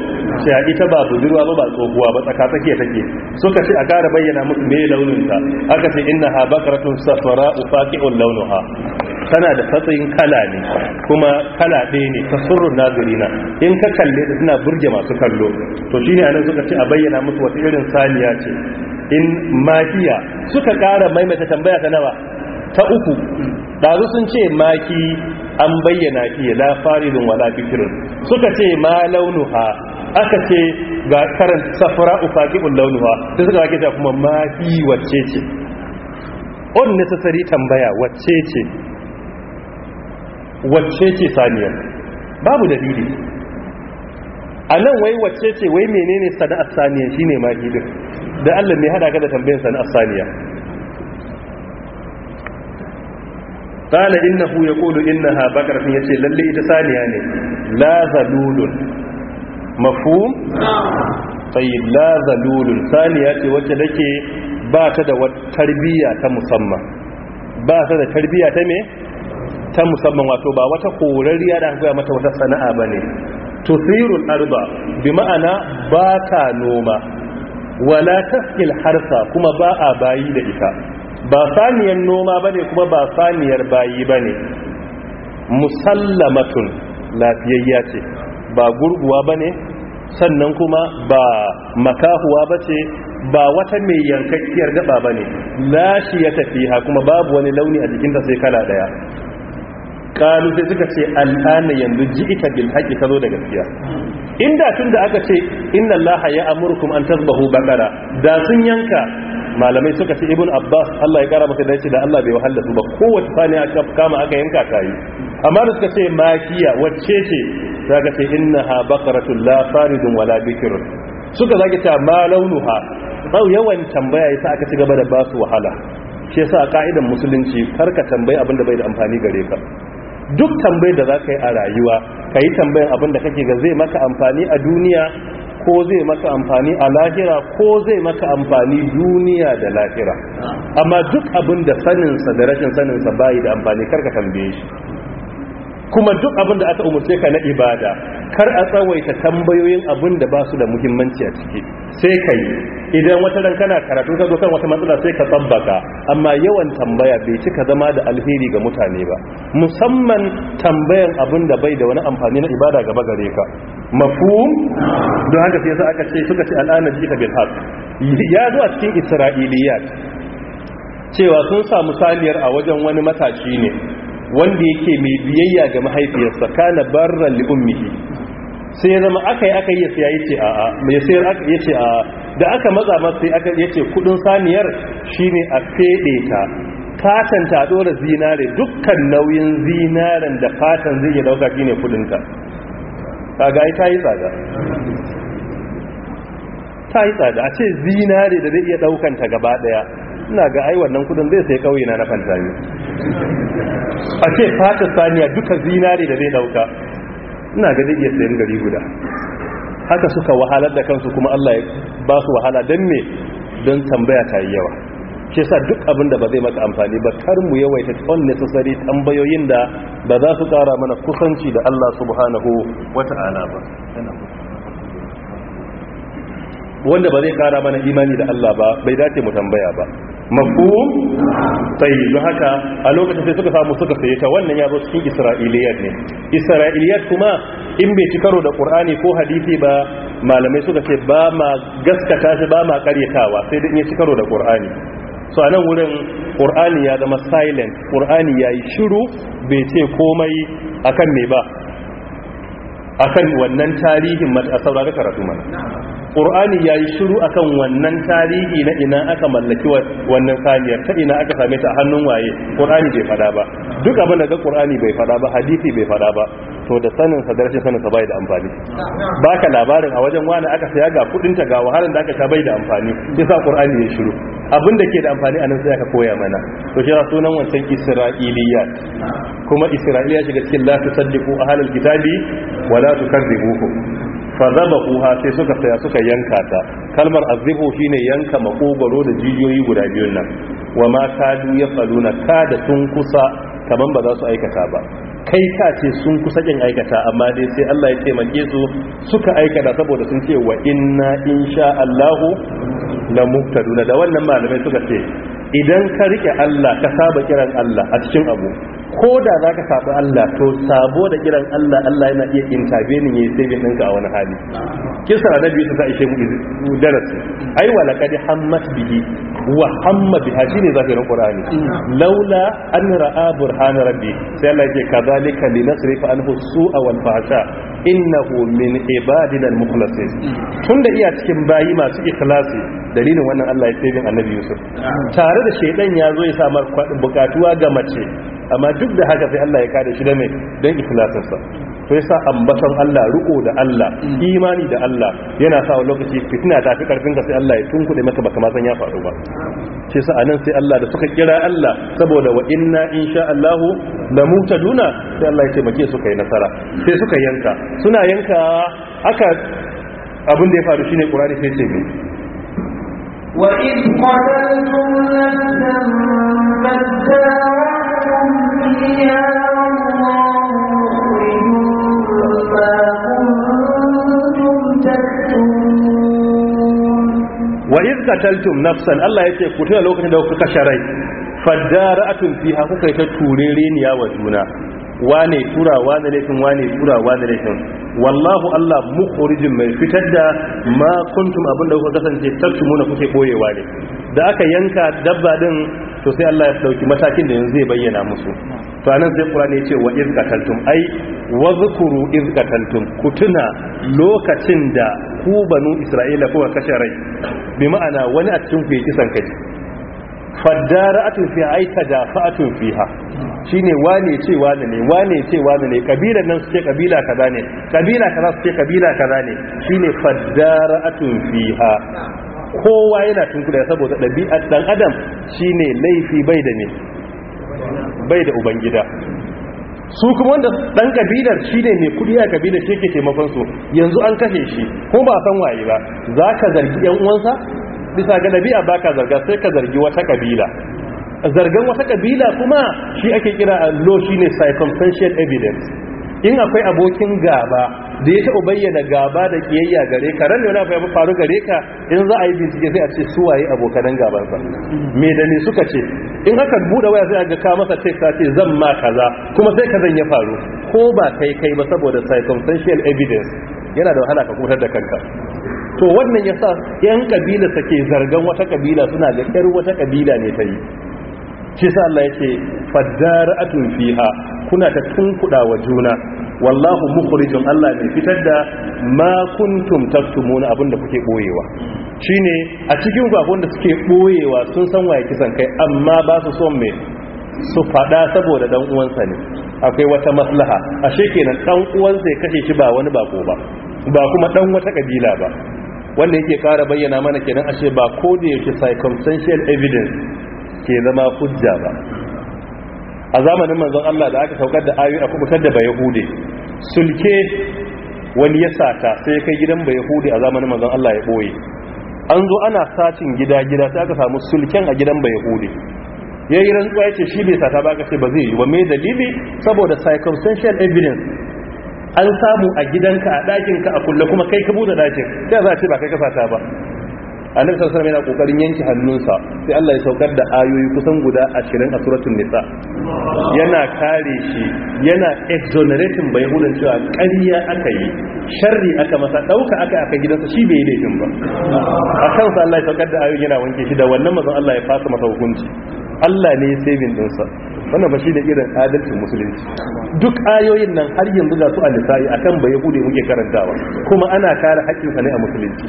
sai a ita ba budurwa ba ba tsohuwa ba tsaka tsakiya take suka ce a gara bayyana musu me launin ta aka ce inna ha bakaratun safara ufaqi'un launuha tana da fatsayin kala ne kuma kala ɗaya ne ta surrun nazirina in ka kalle da suna burge masu kallo to shine anan suka ce a bayyana musu wata irin saniya ce in makiya suka ƙara maimaita tambaya ta nawa ta uku ɗazu sun ce maki an bayyana ki la faridun wala fikirin suka ce ma launuha aka ce ga karan safra ufaqiul launuha ta suka ake ta kuma mafi wacce ce on necessary tambaya wacce ce wacce ce saniyar babu dalili a nan wai wacce ce wai menene sana'ar saniya shine ma gidan da Allah mai hada ka da tambayar sana'ar saniya qala innahu yaqulu innaha baqaratun yace lalle ita saniya ne la zalulun mafhum tayyib la zalulun saniya ce wacce dake ba ta da tarbiya ta musamman ba ta da tarbiya ta me ta musamman wato ba wata korariya da ga mata wata sana'a bane. tusirul arba bi ma'ana ba ta noma wala taskil harsa kuma ba a bayi da ita ba saniyar noma bane kuma ba saniyar bayi bane. musallamatun lafiyayya ce ba gurguwa bane sannan kuma ba makahuwa bace, ba wata mai yankakkiyar gaba bane ya lashiyata fiha kuma babu wani launi a jikinta sai kala daya kalu sai suka ce al'ana yanzu ji'ita bil haqqi ta zo da gaskiya inda tun da aka ce inna allaha ya amurkum an tazbahu baqara da sun yanka malamai suka ce ibn abbas Allah ya kara masa dace da Allah bai wahala su ba kowace sani aka kama aka yanka kai amma da suka ce makiya wacce ce zaka ce innaha baqaratun la faridun wala bikr suka zaki ta ma launuha sau yawan tambaya yasa aka ci gaba da basu wahala shi yasa a ka'idan musulunci karka tambayi abin da bai da amfani gare ka duk tambayar da za ka yi a rayuwa ka yi tambayar abin da kake ga zai maka amfani a duniya ko zai maka amfani a lahira ko zai maka amfani duniya da lahira amma duk abin da saninsa da rashin saninsa bayi da amfani karka tambaye shi kuma duk abin da aka umarce ka na ibada kar a tsawaita tambayoyin abin da ba su da muhimmanci a ciki sai ka yi idan wata ran kana karatu ka zo kan wata matsala sai ka tsabbaka amma yawan tambaya bai cika zama da alheri ga mutane ba musamman tambayan abin da bai da wani amfani na ibada gaba gare ka mafhum don haka sai aka ce suka ce al'ana jika bil haq ya zo a cikin isra'iliyat cewa sun samu saniyar a wajen wani matashi ne wanda yake mai biyayya ga mahaifiyarsa kana barra li ummihi sai ya zama aka yi ya sai ya ce a a mai sayar aka yace a da aka matsa masa sai aka yace kudin saniyar shine a fede ta katan ta dora zinare dukkan nauyin zinaren da fatan zai dauka shine kudin ta kaga ai ta yi tsada tayi tsada a ce zinare da zai iya daukan ta gaba daya ina ga ai wannan kudin zai sai kauye na na fantami a ce fata saniya duka zinari da zai dauka ina ga zai iya sayan gari guda haka suka wahalar da kansu kuma Allah ya ba su wahala don me don tambaya ta yi yawa ke sa duk abin da ba zai maka amfani ba kar mu yawaita necessary tambayoyin da ba za su kara mana kusanci da Allah subhanahu wata'ala ba wanda ba zai kara mana imani da Allah ba bai dace mu tambaya ba mafhum ba haka a lokacin sai suka samu suka sai ta wannan ya zo cikin isra'iliyat ne isra'iliyat kuma in bai ci karo da qur'ani ko hadisi ba malamai suka ce ba ma gaskata shi ba ma karyatawa sai da in ya ci karo da qur'ani so a nan wurin qur'ani ya zama silent qur'ani yayi shiru bai ce komai akan me ba akan wannan tarihin a saurari karatu mana ƙur'ani ya yi shiru a kan wannan tarihi na ina aka mallaki wannan saniyar ta ina aka same ta a hannun waye ƙur'ani bai fada ba duk abin da ga ƙur'ani bai fada ba hadisi bai fada ba to da sanin sa da sanin sa bai da amfani baka labarin a wajen wani aka saya ga kudin ta ga wahalar da aka sha bai da amfani yasa ƙur'ani ya shiru abin da ke da amfani a nan sai aka koya mana to shi sunan wancan isra'iliyat kuma isra'iliya shiga cikin la tusaddiqu ahlal kitabi wa la fadhabahuha sai suka saya suka yanka ta kalmar azibu shine yanka makogoro da jijiyoyi guda biyun nan wa ma kadu ka kada sun kusa kaman ba za su aikata ba kai ka ce sun kusa kin aikata amma dai sai Allah ya taimake su suka aikata saboda sun ce wa inna insha Allah la muhtaduna da wannan malamai suka ce idan ka rike Allah ka saba kiran Allah a cikin abu ko da za ka sabu Allah to sabo da kiran Allah Allah yana iya intervening ya sai bin ɗinka a wani hali kisa da biyu sai ishe mu darasi ai wa kad hammat bihi wa hamma biha shine zahirin qur'ani laula an ra'a burhan rabbi sai Allah yake kadhalika linasrifa anhu su'a wal fahsha innahu min ibadina al mukhlasin tunda iya cikin bayi masu ikhlasi dalilin wannan Allah ya tsebin annabi Yusuf tare da shaidan ya zo ya samar bukatuwa ga mace amma duk da haka sai Allah ya kada shi da mai don ikhlasinsa to sa ambaton Allah riko da Allah mm. imani da Allah yana sa lokaci fitina ta fi karfin ka sai Allah ya tunkuɗe maka baka ma san ya faru ba shi yasa anan sai Allah da suka kira Allah saboda wa inna insha Allah la mutaduna sai Allah ya taimake su kai nasara sai suka yanka suna yanka aka abin da ya faru shine Qur'ani sai ce وَإِذْ قَتَلْتُمْ نَفْسًا فَادَّارَأْتُمْ فِيهَا وإذ قتلتم نفسا yake ku tuna lokacin da kuka kashe rai fadara atun fiha kuka yi ta turere ni ya wajuna wane tura wane laifin wane tura wane laifin wallahu Allah mukhrijin mai fitar da ma kuntum abin da kuka kasance na kuke boyewa ne da aka yanka dabba din to sai Allah ya dauki matakin da yanzu zai bayyana musu to anan sai Qur'ani ya ce wa iz qataltum ai wa zkuru iz qataltum kutuna lokacin da ku banu Isra'ila kuka kashe rai bi ma'ana wani a cikin ku ya kisan kai faddara'atun fi aita da fa'atun fiha shine wane ce wane ne wane ce wane ne kabila nan suke kabila kaza ne kabila kaza suke kabila kaza ne shine faddara'atun fiha kowa yana tunkuda saboda ɗabi'ar dan adam shine laifi bai da ne bai da ubangida su kuma wanda dan kabilar shi ne mai kudi a kabilar shi ke taimakon su yanzu an kashe shi ko ba san waye ba za ka zargi yan uwansa bisa ga ɗabi'a baka zarga sai ka zargi wata kabila zargan wata kabila kuma shi ake kira eh, allo shine circumstantial evidence in akwai abokin gaba da ya taɓa bayyana gaba da kiyayya gare ka ran yana fa faru gare ka in za a yi bincike sai a ce su waye abokanan gaban sa me da ne suka ce in aka bude waya sai a ga ka masa text ce zan ma kaza kuma sai zan ya faru ko ba kai kai ba saboda circumstantial evidence yana da wahala ka kutar da kanka to wannan ya sa yan kabila take zargan wata kabila suna da yar wata kabila ne ta yi shi sa Allah yake fadara'atun fiha kuna ta tunkuda wa juna wallahu mukhrijun Allah ne fitar da makuntun kuntum taktumuna abinda kuke boyewa shine a cikin ku da suke ɓoyewa sun san waye kisan kai amma ba su son me su fada saboda dan uwansa ne akwai wata maslaha ashe kenan dan uwansa ya kashe shi ba wani bako ba ba kuma dan wata kabila ba wanda yake kara bayyana mana kenan ashe ba ko da yake circumstantial evidence ke zama hujja ba a zamanin manzon Allah da aka saukar da ayoyi a kuma da bayahude sulke wani ya sata sai kai gidan bayahude a zamanin manzon Allah ya boye an zo ana sacin gida gida sai aka samu sulken a gidan bayahude yayi rantsuwa yace shi bai sata ba aka ce ba zai yi ba me dalili saboda circumstantial evidence an samu a gidanka a ɗakinka a kulle kuma kai ka buɗe ɗakin da za a ce ba kai ka sata ba annabi sallallahu alaihi wasallam yana kokarin yanke hannunsa sai Allah ya saukar da ayoyi kusan guda 20 a suratul nisa yana kare shi yana exonerating bai hulun cewa ƙarya aka yi sharri aka masa dauka aka aka gidansa shi bai yi laifin ba akan sa Allah ya saukar da ayoyi yana wanke shi da wannan mazan Allah ya fasa masa hukunci Allah ne ya sai ɗinsa wannan ba shi da irin adalcin musulunci duk ayoyin nan har yanzu ga su a a akan ba yahudi muke karantawa kuma ana kare sa ne a musulunci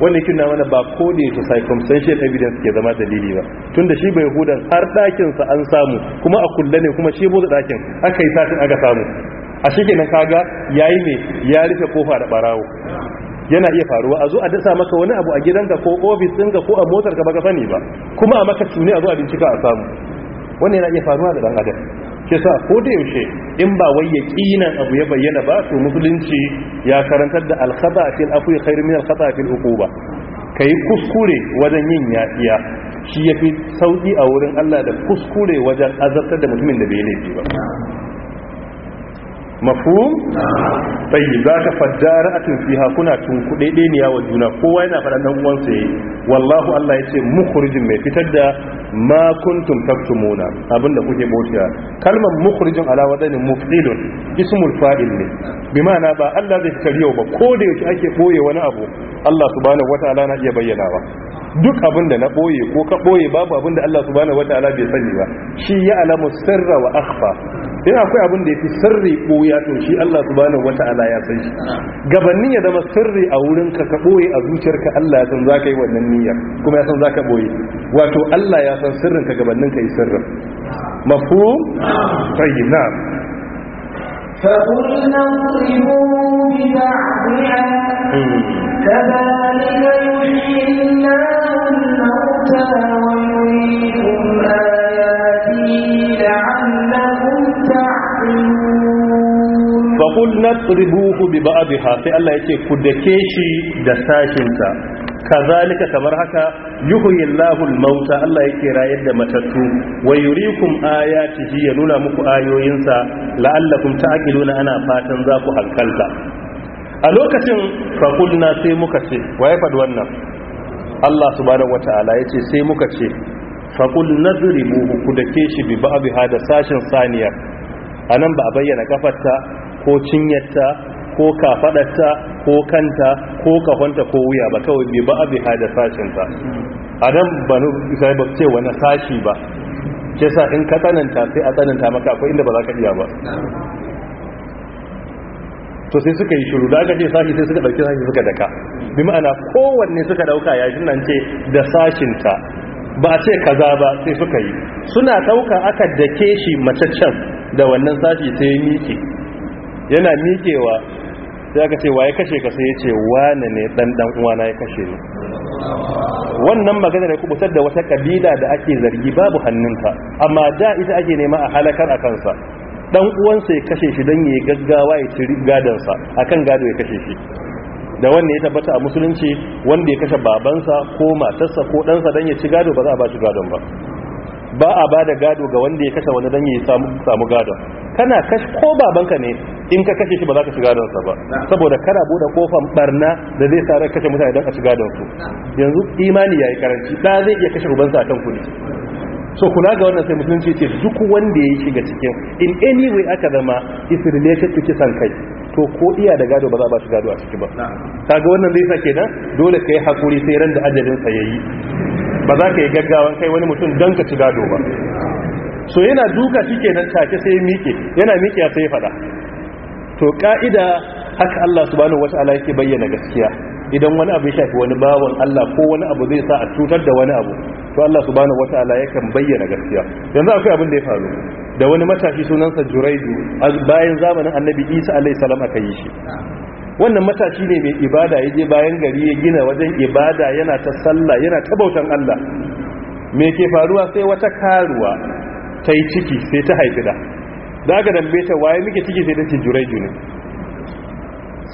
wanda yake na mana ba ko su yake circumstantial evidence ke zama dalili ba tunda shi bai hudan har dakin sa an samu kuma a kulle ne kuma shi bude dakin aka yi satin aka samu a shi kenan kaga yayi ne ya rufe kofa da barawo yana iya faruwa a zo a dasa maka wani abu a gidanka ko ofis ɗinka ko a motar ka baka sani ba kuma a maka tuni a zo a bincika a samu wannan yana iya faruwa da dan adam ke sa ko da yaushe in ba wai yaqinan abu ya bayyana ba to musulunci ya karantar da al-khata fil afwi khair min al-khata fil uquba kai kuskure wajen yin yafiya shi yafi sauki a wurin Allah da kuskure wajen azabtar da mutumin da bai laifi ba mafhum tayyib zaka fajjara atin fiha kuna tun kudaide ne yawa juna kowa yana faɗan dan uwansa ya wallahu Allah ce mukhrijin mai fitar da ma kuntum taktumuna abinda kuke bocewa kalmar mukhrijin ala wadani mufilun ismul fa'il ne bi ma'ana ba Allah zai fitar yau ba ko da yake ake boye wani abu Allah subhanahu wataala na iya ba. duk abin da na boye ko ka boye babu abin da Allah subhanahu wataala bai sani ba shi ya alamu sirra wa akhfa in akwai abin da yafi sirri boya to shi Allah subhanahu wataala ya san shi gabanin ya zama sirri a wurin ka ka boye a zuciyarka Allah ya san zaka yi wannan niyyar kuma ya san zaka boye wato Allah ya san sirrin ka gabanin ka yi sirrin mafhum tayyib na'am Ka hulnati da asubiya, saboda wani ne na hulnaka, wani suna biya nanunta duniya. Allah ya ce kude kishi da sashin kazalika kamar haka yuhyi Allahul mauta Allah yake rayar da matattu wa yuriikum ayatihi ya nuna muku ayoyinsa la'allakum ta'qiluna ana fatan za ku hankalta a lokacin fa sai muka ce waye faɗi wannan Allah subhanahu wata'ala yace sai muka ce fa qul da ke shi bi ba'dha da sashin saniya anan ba a bayyana kafarta ko cinyarta ko kafadarta ko kanta ko kafanta ko wuya ba kawai bai ba abi hada sashinta a nan banu isra'il ba ce wani sashi ba ke sa in ka tsananta sai a tsananta maka akwai inda ba za ka iya ba to sai suka yi shiru da aka ce sashi sai suka dauki sashi suka daka bi ma'ana kowanne suka ɗauka ya nan ce da sashinta ba a ce kaza ba sai suka yi suna ɗauka aka dake shi macaccen da wannan sashi sai ya miƙe yana miƙewa sai aka ce wa ya kashe ka sai ya ce wane ne dan dan uwana ya kashe ni wannan magana da kubutar da wata kabila da ake zargi babu hannunta amma da ita ake nema a halakar a kansa dan uwansa ya kashe shi don ya gaggawa ya ci gadansa akan gado ya kashe shi da wanda ya tabbata a musulunci wanda ya kashe babansa ko matarsa ko ɗansa don ya ci gado ba za a ba shi gadon ba ba a ba da gado ga wanda ya kashe wani dan ya samu gado kana kashe ko babanka ne in ka kashe shi ba za ka ci gadonsa ba saboda kana bude kofan barna da zai sa kashe mutane dan a ci gadonsu yanzu imani yayi karanci da zai iya kashe ubansa a kan kuɗi so kula ga wannan sai mutunci ce duk wanda ya shiga cikin in any way aka zama is related to kisan kai to ko iya da gado ba za ba shi gado a ciki ba kaga wannan zai sa kenan dole kai hakuri sai ran da ajalin sa yayi ba za ka yi gaggawan kai wani mutum don ka ci gado ba so yana duka shi nan take sai miƙe yana miƙe a sai fada to ka'ida haka Allah subhanahu ala yake bayyana gaskiya idan wani abu ya shafi wani bawan Allah ko wani abu zai sa a cutar da wani abu to Allah subhanahu ala yakan bayyana gaskiya yanzu akwai abin da ya faru da wani matashi sunansa Juraidu bayan zamanin Annabi Isa alaihi salam aka yi shi wannan matashi ne mai ibada ya je bayan gari ya gina wajen ibada yana ta sallah yana ta bautan Allah me ke faruwa sai wata karuwa ta yi ciki sai ta haifi da da aka dambe ta waye muke ciki sai ta ce juraiju ne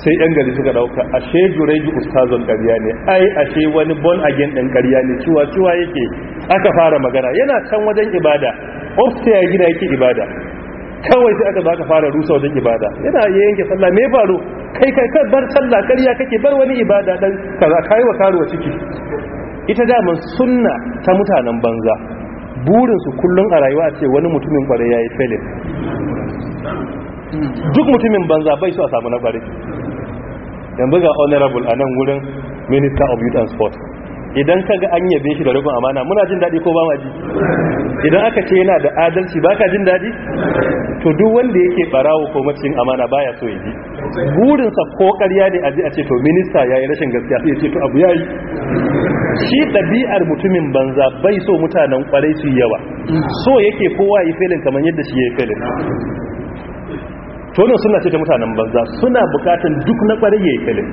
sai yan gari suka dauka ashe juraiju ustazon ƙarya ne ai ashe wani bon again ɗin ƙarya ne ciwa ciwa yake aka fara magana yana can wajen ibada ofta ya gina yake ibada kawai sai aka zaka fara rusa wajen ibada yana yanke sallah mai faru kai kai ka bar sallah karya kake bar wani ibada dan kaza kai wa karuwa ciki ita daman sunna ta mutanen banza burinsu kullum a rayuwa ce wani mutumin kware yayi yi felin duk mutumin banza bai so a samu na kware yanzu ga honorable a nan wurin minister of youth and sports idan ka ga an yabe shi da rubin amana muna jin dadi ko ba ma ji idan aka ce yana da adalci baka jin daɗi, to duk wanda yake barawo ko macin amana baya so ya ji. sa ko ƙarya ne ji a ce to minista yayi rashin gaskiya sai ya ce to abu yayi shi dabi'ar mutumin banza bai so mutanen kwarai su yawa so yake kowa yi felin kamar yadda shi yayi felin to ne suna ce ta mutanen banza suna bukatan duk na kwarai ya yi kalin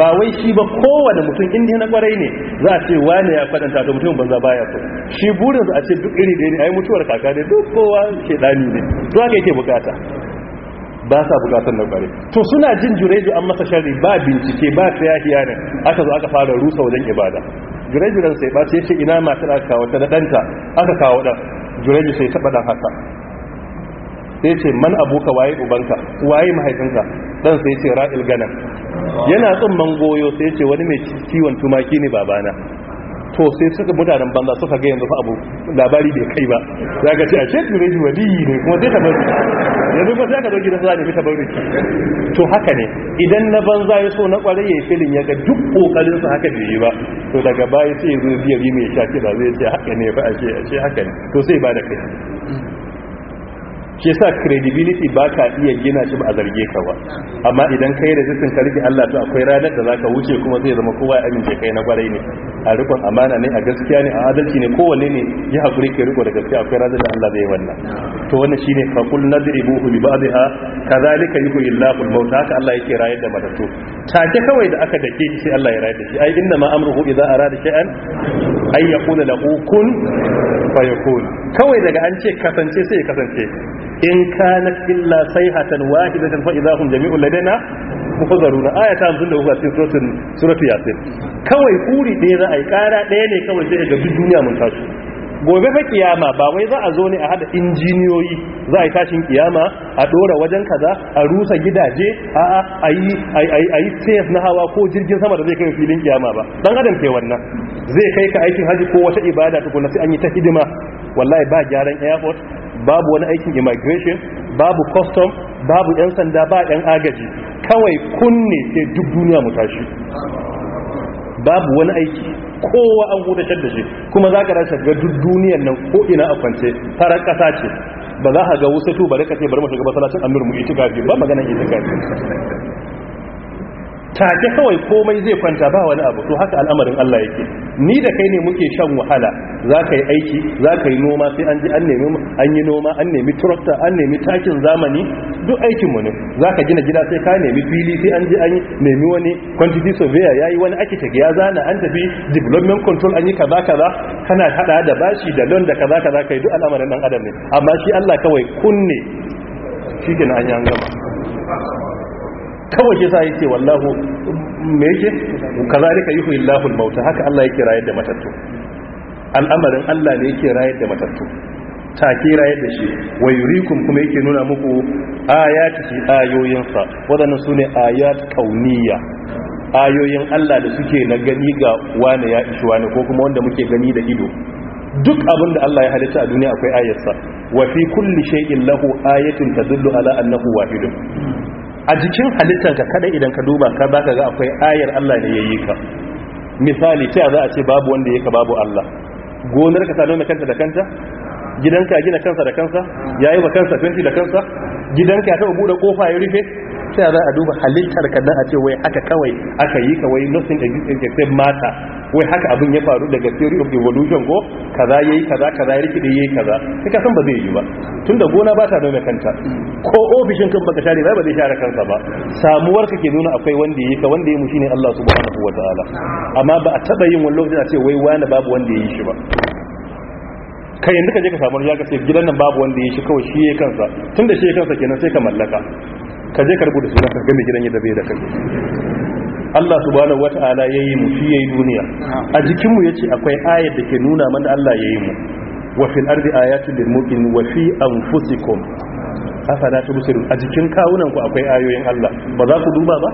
ba wai shi ba kowane mutum inda na kwarai ne za a ce wane ya kwadanta to mutum banza baya ku shi burin a ce duk iri da ne ayi mutuwar kaka ne duk kowa ke dani ne to haka yake bukata ba sa bukatan na kwarai. to suna jin jureji an masa sharri ba bincike ba tsayahiya ne aka zo aka fara rusa wajen ibada Jureji ran sai ba ce ina matar aka kawo ta da danta aka kawo dan jureji sai taba dan haka sai ce man abuka waye ubanka waye mahaifinka dan sai ce ra'il ganan yana tsumman goyo sai ce wani mai kiwon tumaki ne babana to sai suka mutanen banza suka ga yanzu abu labari bai kai ba zaka ce a shekku rai waliyi ne kuma sai bari yanzu ba sai ka dauki da za ne tabar riki to haka ne idan na banza ya so na kware ya filin ya ga duk kokarin sa haka bai yi ba to daga baya sai ya zo biya mai shaki ba zai ce haka ne fa a ce a ce haka ne to sai ba da kai shi yasa credibility ba ka iya gina shi ba a zarge ka ba amma idan kai da ka karfi Allah to akwai ranar da zaka wuce kuma zai zama kowa ya amince kai na gwarai ne a rikon amana ne a gaskiya ne a adalci ne kowanne ne ya hakuri ke riko da gaskiya akwai ranar da Allah zai wannan to wannan shine kul nadribu bi ba'dha kadhalika yuhyi Allahu al mauta haka Allah yake rayar da matattu take kawai da aka dake shi Allah ya rayar da shi ai inna ma amruhu idza arada shay'an ay yaqulu lahu kun fayakun kawai daga an ce kasance sai ya kasance in kanat illa sayhatan wahidatan fa idahum jami'un ladaina muhzaruna ayata ta 53 cikin suratul suratul yasin kawai kuri ɗaya za a yi ƙara ɗaya ne kawai sai ga duk duniya mun tashi gobe fa kiyama ba wai za a zo ne a hada injiniyoyi za a yi tashin kiyama a dora wajen kaza a rusa gidaje a a ayi ayi tayar na hawa ko jirgin sama da zai kai filin kiyama ba dan adam kai wannan zai kai ka aikin haji ko wata ibada tukuna sai an yi ta hidima wallahi ba gyaran airport babu wani aikin immigration babu custom babu 'yan sanda ba 'yan agaji kawai kunne sai duk duniya mu tashi babu wani aiki kowa an hudatar da shi kuma za ka rasa ga duk duniyan nan ko ina a kwance farar kasa ce ba za a ga wusatu ba da ka ce bari mu shiga masalacin annur mu itikafi ba maganan itikafi take kawai komai zai kwanta ba wani abu to haka al'amarin Allah yake ni da kai ne muke shan wahala za ka yi aiki za ka yi noma sai an ji an nemi an yi noma an nemi tractor an nemi takin zamani duk aikinmu ne za ka gina gida sai ka nemi fili sai an ji an nemi wani quantity surveyor yayi yi wani architect ya zana an tafi development control an yi kaza kaza kana hada da bashi da loan da kaza kaza kai duk al'amarin dan adam ne amma shi Allah kawai kunne shi kenan an yi an gama kawai shi sa yake wallahu me yake kazalika yuhyi Allahu al-mauta haka Allah yake rayar da matattu al'amarin Allah ne yake rayar da matattu ta ke rayar da shi wa yurikum kuma yake nuna muku ayati ayoyinsa wadannan sune ayat kauniyya ayoyin Allah da suke na gani ga wani ya ishi wani ko kuma wanda muke gani da ido duk abin da Allah ya halitta a duniya akwai ayarsa. wa fi kulli shay'in lahu ayatun tadullu ala annahu wahidun a jikin halittanka kada idan ka duba ka baka ga akwai ayar Allah ne yayi ka misali ta za a ce babu wanda yake babu Allah gonar ka nuna kanta da kanta gidanka gina kansa da kansa yayi wa kansa fenti da kansa gidanka ya taba bude kofa ya rufe sai za a duba halittar ka dan a ce wai haka kawai aka yi ka wai nothing exists except matter wai haka abin ya faru daga theory of evolution ko kaza yayi kaza kaza ya rikide yayi kaza sai ka san ba zai yi ba tunda gona ba ta nuna kanta ko ofishin kan baka share ba zai share kansa ba samuwar ka ke nuna akwai wanda yayi ka wanda yayi mu shine Allah subhanahu ta'ala amma ba a taba yin wani lokaci a ce wai wani babu wanda yayi shi ba kai yanzu ka je ka samu ya ka ce gidan nan babu wanda ya shi kawai shi ya kansa tun da shi ya kansa kenan sai ka mallaka ka je ka rubuta suna ka ga mai gidan yadda bai da kai Allah subhanahu wata'ala yayi mu fiye yayi duniya a jikin mu yace akwai ayar da ke nuna mana Allah yayi mu wa fil ardi ayatun lil mu'min wa fi anfusikum afala tubsirun a jikin kawunan ku akwai ayoyin Allah ba za ku duba ba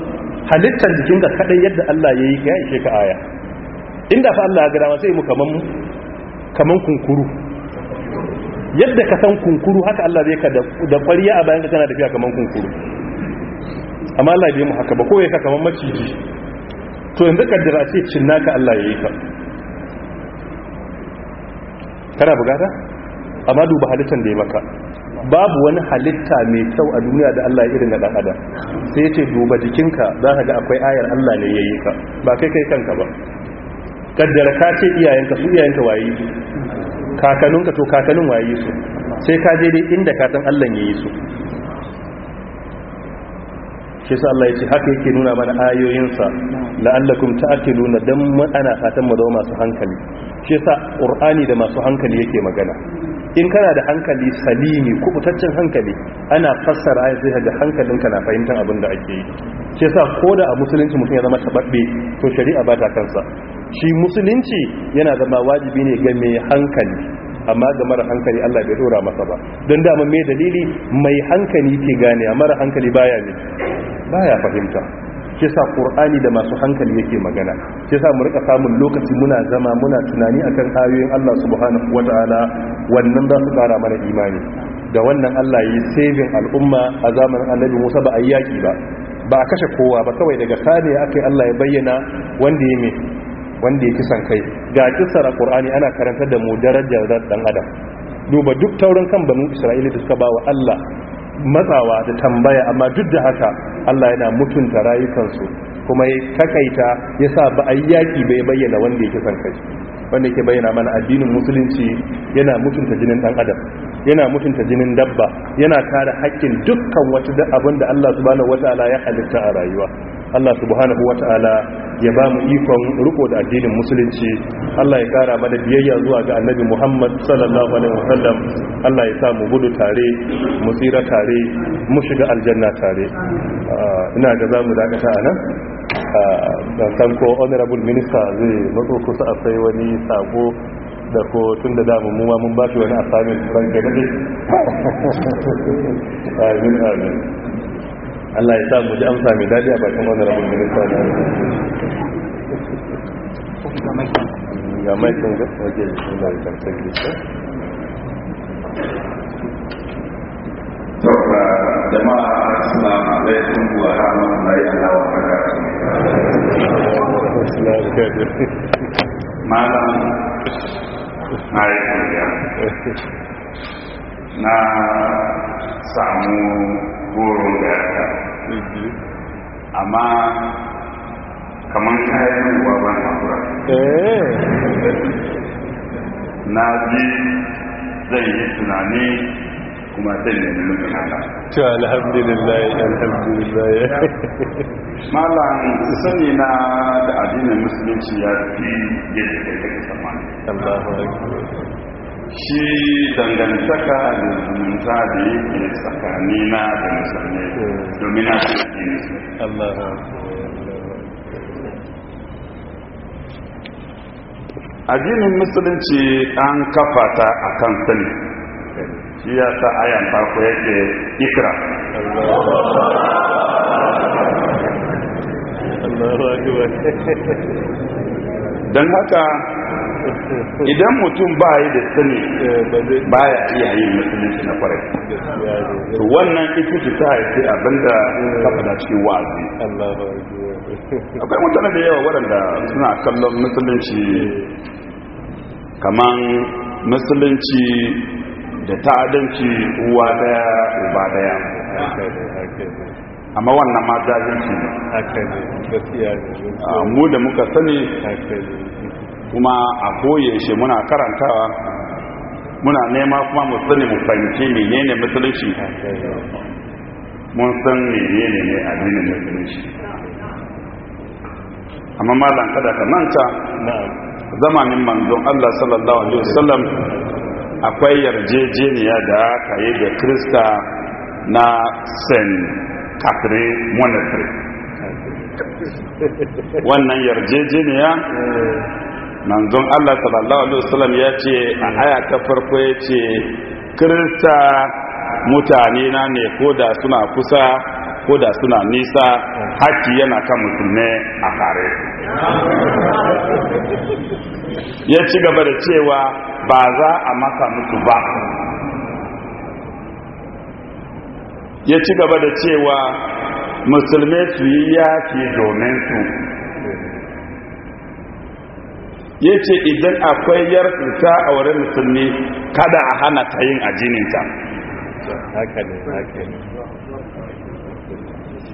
halittar jikin ka kadai yadda Allah yayi ka ya ishe ka aya inda fa Allah ya gada sai mu kaman mu kaman kunkuru yadda ka san kunkuru haka Allah zai ka da kwariya a bayan ka tana tafiya kaman kunkuru amma Allah bai mu haka ba ko ya ka kamar maciji to yanzu kaddara ce cin naka Allah ya yi ka kana bugata amma duba halittar da ya maka babu wani halitta mai kyau a duniya da Allah ya irin da dan sai ya ce duba jikinka za ka ga akwai ayar Allah ne ya yi ka ba kai kai kanka ba kaddara ka ce iyayenka su iyayenka waye kakanninka to kakannin waye su sai ka je dai inda ka san Allah ya yi su shi sa Allah ya ce haka yake nuna mana ayoyinsa la'allakum ta'qiluna dan ana fatan mu zama masu hankali shi sa qur'ani da masu hankali yake magana in kana da hankali salimi kubutaccen hankali ana fassara ayat sai ga hankalinka na fahimtar abin da ake yi shi sa da a musulunci mutum ya zama tababbe to shari'a ba ta kansa shi musulunci yana zama wajibi ne ga mai hankali amma ga mara hankali Allah bai dora masa ba don mun me dalili mai hankali ke gane a mara hankali baya ne baya fahimta kisa qur'ani da masu hankali yake magana kisa mu rika samun lokaci muna zama muna tunani akan ayoyin Allah subhanahu wataala wannan ba su kara mana imani da wannan Allah yi saving al'umma a zamanin annabi Musa ba a yaki ba ba a kashe kowa ba kawai daga sani akai Allah ya bayyana wanda ya wanda ya kisan kai ga kissar qur'ani ana karantar da mu darajar dan adam duba duk taurin kan banu isra'ila da suka ba wa Allah matsawa da tambaya amma duk da haka Allah yana mutunta rayukansu kuma ya takaita ya sa ba a yaƙi bai bayyana wanda yake son kai wanda yake bayyana mana addinin musulunci yana mutunta jinin ɗan adam yana mutunta jinin dabba yana kare haƙƙin dukkan wata abin da Allah subhanahu wataala ya halitta a rayuwa Allah subhanahu wataala ya ba mu ikon riko da addinin musulunci Allah ya kara mana biyayya zuwa ga annabi Muhammad sallallahu alaihi wasallam Allah ya sa mu gudu tare mu tsira tare mu shiga aljanna tare ah, ina ga zamu dakata anan a ah, san ko honorable minister zai matso kusa a sai wani sako da ko tun da damu muwa mun ba shi wani asamin ranke na amin amin Allah ya sa mu ji amsa mai daɗi a bakin wani rabin minista da ga maikin waje da shi da karfin Saboda jama'a suna zai sun buwa ramar na yi Allah wa Malam na samu goron da ya amma kamar kayan ruwa ban na ji zai yi tunani kuma sanya ne nufin haka. to alhamdulillah alhamdulillah malam sani na da addinin musulunci ya fi yadda kai kake tsammani Allahu akbar shi dangantaka da zumunta da yake na da musulmi domin na su ne Allahu akbar addinin musulunci an kafa ta a kan sani shi ya sa ayan farko yake ikra don haka idan mutum ba yi da sani eh, ba ya iya yi musulunci na kwarai wannan ce ta haifi abinda eh. ta fada cikin wa'azi akwai mutane da yawa waɗanda suna kallon musulunci eh. kaman musulunci da ta'adanci uwa daya uba daya amma wannan ma jahilci a ah, mu da muka sani kuma a koyaushe muna karantawa muna nema kuma mu sani mu fahimci menene musulunci mun san menene ne a addinin musulunci amma malam kada ka manta zamanin manzon Allah sallallahu alaihi wasallam akwai yarjejeniya da aka yi da krista na st catherine monastery wannan yarjejeniya manzon allah sallallahu alaihi wasallam ya ce a aya ta farko ya ce krista mutane na ne ko da suna kusa ko da suna nisa haki yana kan ne a tare ya ci gaba da cewa ba za a masa mutu ba ya ci gaba da cewa musulmi su yi yafi domin su ya ce idan akwai yar yarfuta a wurin musulmi kada a hana ta yin ajininta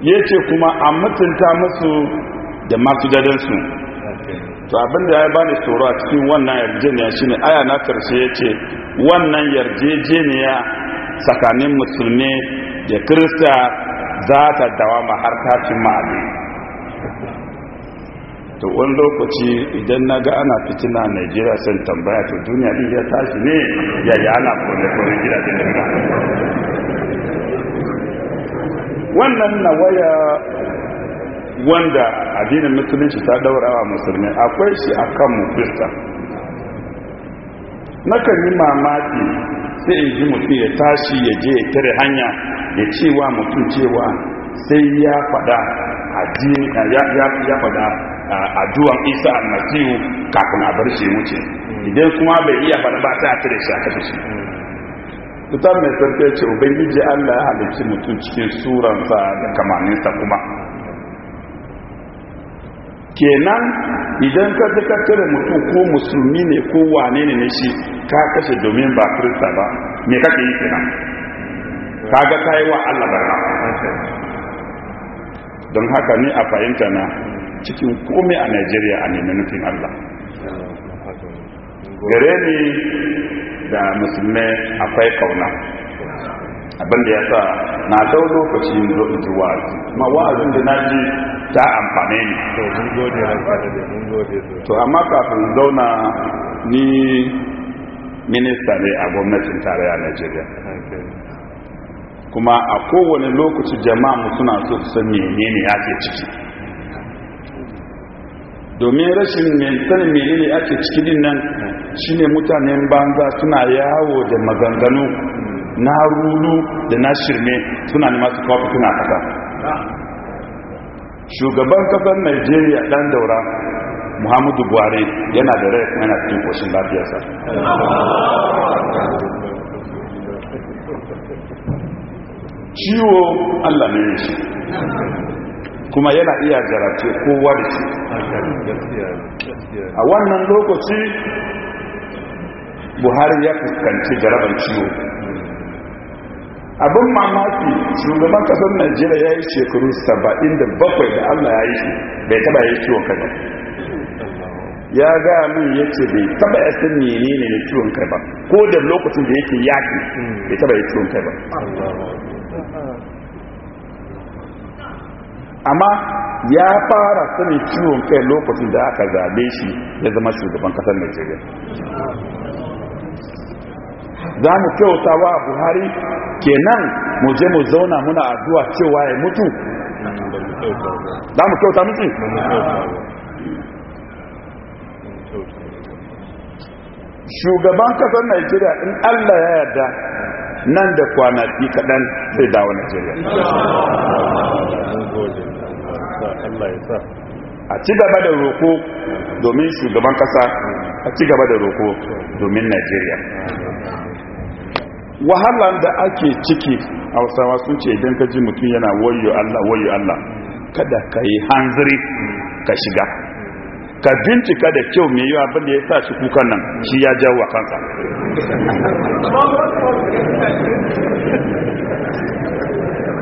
ya ce kuma a mutunta masu da masu dadansu to abinda ya bani tsoro a cikin wannan yarjejeniya shine aya na karshe ya ce wannan yarjejeniya tsakanin musulmi da kirista za ta dawa ma har kafin ma'adu to wani lokaci idan na ga ana fitina nigeria sun tambaya to duniya din ya tashi ne ya yi ana kone-kone gidajen da wannan na waya wanda addinin musulunci ta wa musulmi akwai shi a kan mufista na yi mamaki sai in ji mutum ya tashi ya je ya kere hanya ya cewa mutum cewa sai ya fada ya fada addu'an isa almasihu kafin a bar shi wuce idan kuma bai iya fada ba ta tare shi a kashe shi kitab mai sarki ce ubangiji allah ya halicci mutum cikin suransa da kamaninsa kuma kenan idan ka zika cire mutum ko musulmi ne ko wane ne ne shi ka kashe domin ba kirista ba me kake yi kenan ka ga ta yi wa allah barna don haka ni a fahimta na cikin komai a nigeria a nemi nufin allah gare ni da musulmi akwai kauna abinda ya sa na dau lokaci yin zo in ji wa'azi kuma wa'azin da na ji ta amfane ni to amma kafin zauna ni minista ne a gwamnatin tarayya najeriya kuma a kowane lokaci jama'a suna so su san menene ake ciki domin rashin sanin menene ake ciki din nan ne mutanen banza suna yawo da maganganu na rulu da na shirme suna nema su kawo a kasa shugaban kasar Najeriya dan daura Muhammadu Buhari yana da rai kuma yana cikin koshin lafiyarsa ciwo Allah ne shi kuma yana iya jarace kowa da shi a wannan lokaci buhari ya fuskanci jarabar ciwo abin mamaki shugaban kasar najeriya ya yi shekaru 77 da allah ya yi shi bai taba ya yi ciwon kai ba ya gaya min ya ce bai taba ya san mene ne na ciwon kai ba ko da lokacin da yake yaki bai taba ya ciwon kai ba amma ya fara sanin ciwon kai lokacin da aka zabe shi ya zama shugaban kasar najeriya za mu kyauta wa buhari kenan mu je mu zauna muna addu'a cewa ya mutu za mu kyauta mutu shugaban kasar nigeria in allah ya yarda nan da kwanaki kaɗan zai dawo nigeria a ci gaba da roko domin shugaban kasa a ci gaba da roko domin nigeria wahalan da ake ciki hausawa sun ce idan ka ji mutum yana wayo Allah wayo Allah kada ka yi hanzari ka shiga ka bincika da kyau mai yi abin da ya sa shi kukan nan shi ya jawo a kansa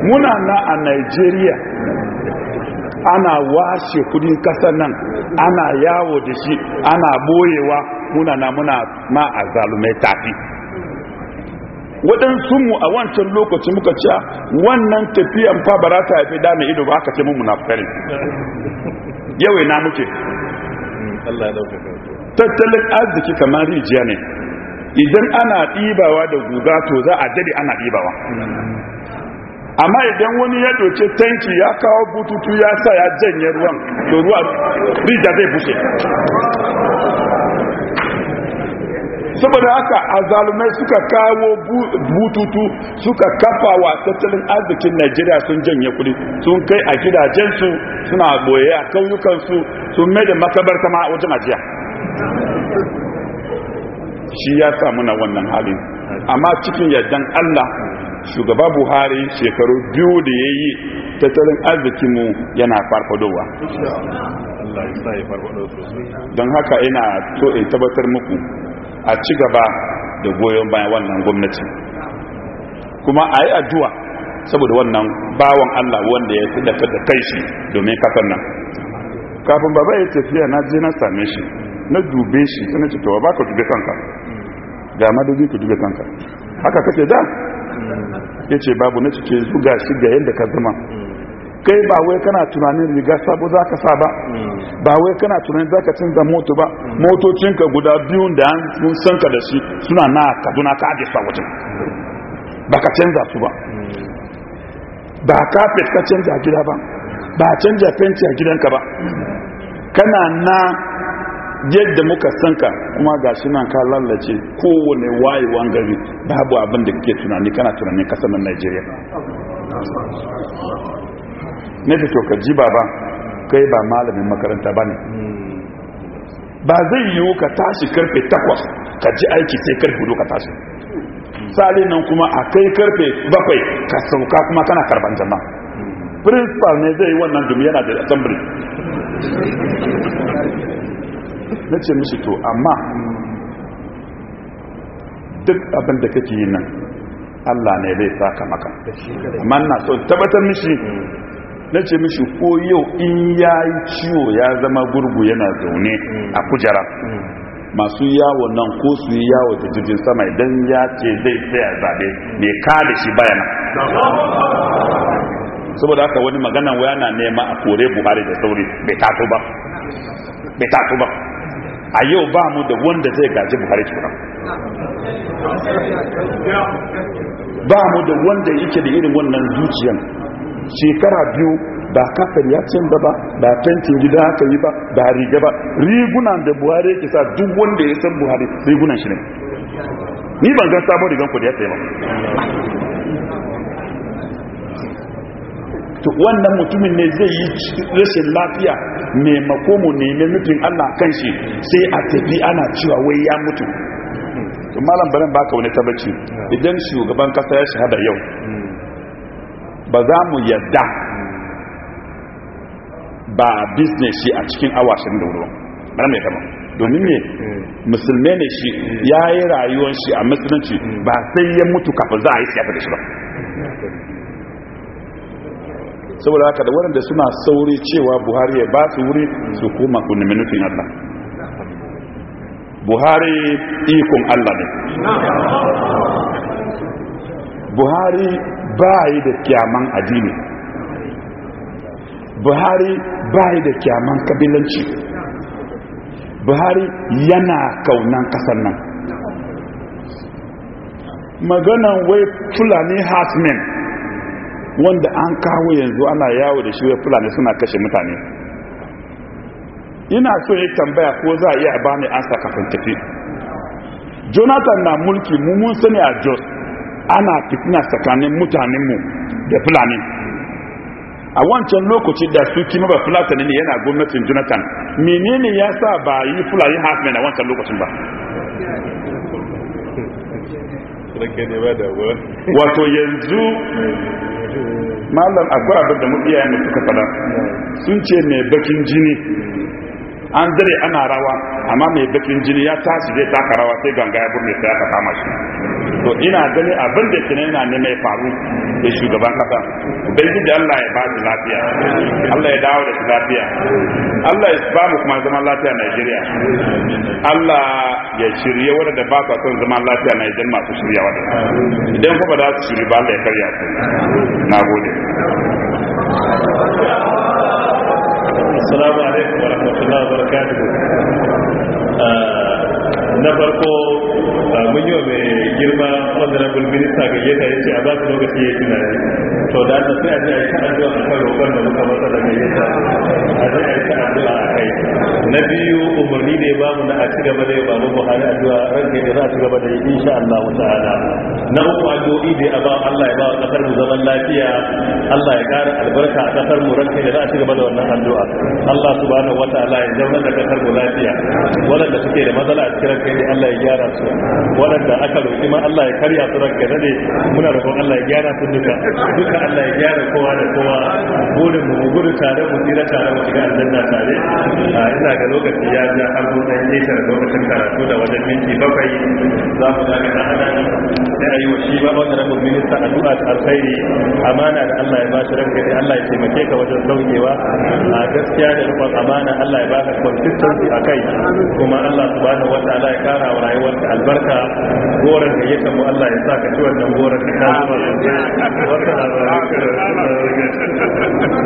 muna na a nigeria ana washe kudin kasa nan ana yawo da shi ana boyewa muna na muna ma a zalumai tafi waɗansu mu a wancan lokaci muka ce ah, wannan tafiyan fa ba za ta haifi da mai ido ba aka ce mu munafikai yawai na muke tattalin arziki kamar rijiya ne idan ana ɗibawa da guga to za a dade ana ɗibawa amma idan wani ya doce tanki ya kawo bututu ya sa ya janye ruwan to ruwa rija zai bushe saboda haka azalumai suka kawo bututu suka kafa wa tattalin arzikin najeriya sun janye kudi sun kai a gidajensu suna boye a kauyukansu sun mai da makabarta ma wajen ajiya shi ya samu na wannan halin amma cikin yardan allah shugaba buhari shekaru biyu da ya yi tattalin arzikinmu yana farfadowa don haka ina so in tabbatar muku a ci gaba da goyon bayan wannan gwamnati kuma a yi addu'a saboda wannan bawan Allah wanda ya tallafa da kai shi domin kafin nan kafin baba ya tafiya na je na same shi na dube shi sai ce to ba ka dube kanka ga madadi ka dube kanka haka kace da yace babu na cike zuga shi ga yadda ka zama kai ba wai kana tunanin riga sabo za ka sa ba mm. ba wai kana tunanin za ka canza moto ba mm. motocinka guda biyun da an san ka da shi suna na kaduna ka aje sa wajen ba ka canza su ba mm. ba kafet ka canza gida ba ba canza fenti a gidanka ba kana na yadda muka sanka kuma ga shi nan ka lallace kowane wayewan gari babu abin da kake tunani kana tunanin kasar nan Najeriya na fito ka ji ba kai ba malamin makaranta ba ne ba zai yiwu ka tashi karfe takwas ka ji aiki sai karfe ka tashi sali nan kuma a kai karfe bakwai ka sauka kuma kana karban jama principal ne zai yi wannan domin yana da assembly na ce mishi to amma duk abinda da kake yi nan Allah ne zai saka maka amma na so tabbatar mishi na ce mishi ko yau in ya yi ciwo ya zama gurgu yana zaune a kujera mm. masu yawon nan ko su yi yawo ta jirgin sama idan ya ce zai tsaya zaɓe mai kada shi bayana saboda haka wani magana na nema a kore buhari da sauri bai tato ba ba a yau ba mu da wanda zai gaji buhari kura. ba mu da wanda yake da irin wannan zuciyan shekara biyu ba kafin ya canza ba ba tantin gida aka yi ba ba riga ba rigunan da buhari ya kisa duk wanda ya san buhari rigunan shi ne ni ban gan sabon rigan ku da ya tsaye ba wannan mutumin ne zai yi rashin lafiya ne ne nemi nufin allah kan shi sai a tafi ana cewa wai ya mutu malam baran baka wani tabbaci idan shugaban kasa ya shahada yau hmm. ba za mu yadda ba business shi a cikin awa 24 mana mai kama domin ne eh. musulmi ne shi eh. ya yi rayuwar shi a musulunci eh. ba sai ya mutu kafin za a yi siyasa da shi ba saboda haka da waɗanda suna sauri cewa buhari ya ba su wuri su koma kunni minufin allah buhari ikon allah ne buhari bayi da kyaman adini buhari bayi da kyaman kabilanci buhari yana kaunan kasar nan maganan wai fulani hasmen wanda an kawo yanzu ana yawo da shi wai fulani suna kashe mutane ina so yi tambaya ko za a iya bani an kafin tafi jonathan na mulki mummun sani a jos ana fitina tsakanin mu da fulani a wancan lokaci da su kima ba fulani ne yana gwamnatin jonathan menene ya sa ba yi fulani hafmen a wancan lokacin ba wato yanzu malam akwai abin da mu'iyayen da suka fada sun ce mai bakin jini an dare ana rawa amma mai bakin jini ya tashi zai taka rawa sai ganga ya burne sai aka kama shi to ina ganin abin da tunan na ne mai faru da shugaban kasa ubangiji Allah ya ba shi lafiya Allah ya dawo da shi lafiya Allah ya ba mu kuma zaman lafiya Najeriya Allah ya shirye wanda da ba sa son zaman lafiya Najeriya masu shirya wanda idan kuma da su shirye ba Allah ya karya su na gode Assalamu alaikum wa wabarakatuh uh, na farko mun yi wa mai girma honorable minister gayyata ya ce a ba su lokaci ya tunani to da ta sai a ji a yi ta'adu a kan roƙon da muka masa da gayyata a ji a yi ta'adu a kai na biyu umarni ne ba mu na a ci gaba da yi ba mu buhari addu'a ran kai da za a ci gaba da yi insha Allah ta'ala na uku addu'o'i da a ba Allah ya ba wa kasar mu zaman lafiya Allah ya kara albarka a kasar mu ran kai da za a ci gaba da wannan addu'a Allah subhanahu ta'ala ya zauna da kasar mu lafiya wanda suke da matsala a cikin alkhairi Allah ya gyara su waɗanda aka roƙi ma Allah ya karya su ranka dade muna roƙon Allah ya gyara su duka duka Allah ya gyara kowa da kowa burin mu gudu tare mu tsira tare mu shiga aljanna tare ina ga lokaci ya ja har mun dan da lokacin karatu da wajen minti bakwai za mu ga kana nan sai ayi shi ba wannan rabu minista addu'a ta alkhairi amana da Allah ya ba shi ranka dai Allah ya taimake ka wajen daukewa a gaskiya da rubon amana Allah ya ba baka consistency akai kuma Allah subhanahu ta'ala ya kara wa ta albarka goran da ya mu Allah ya sa ka ci wannan goran ka zuwa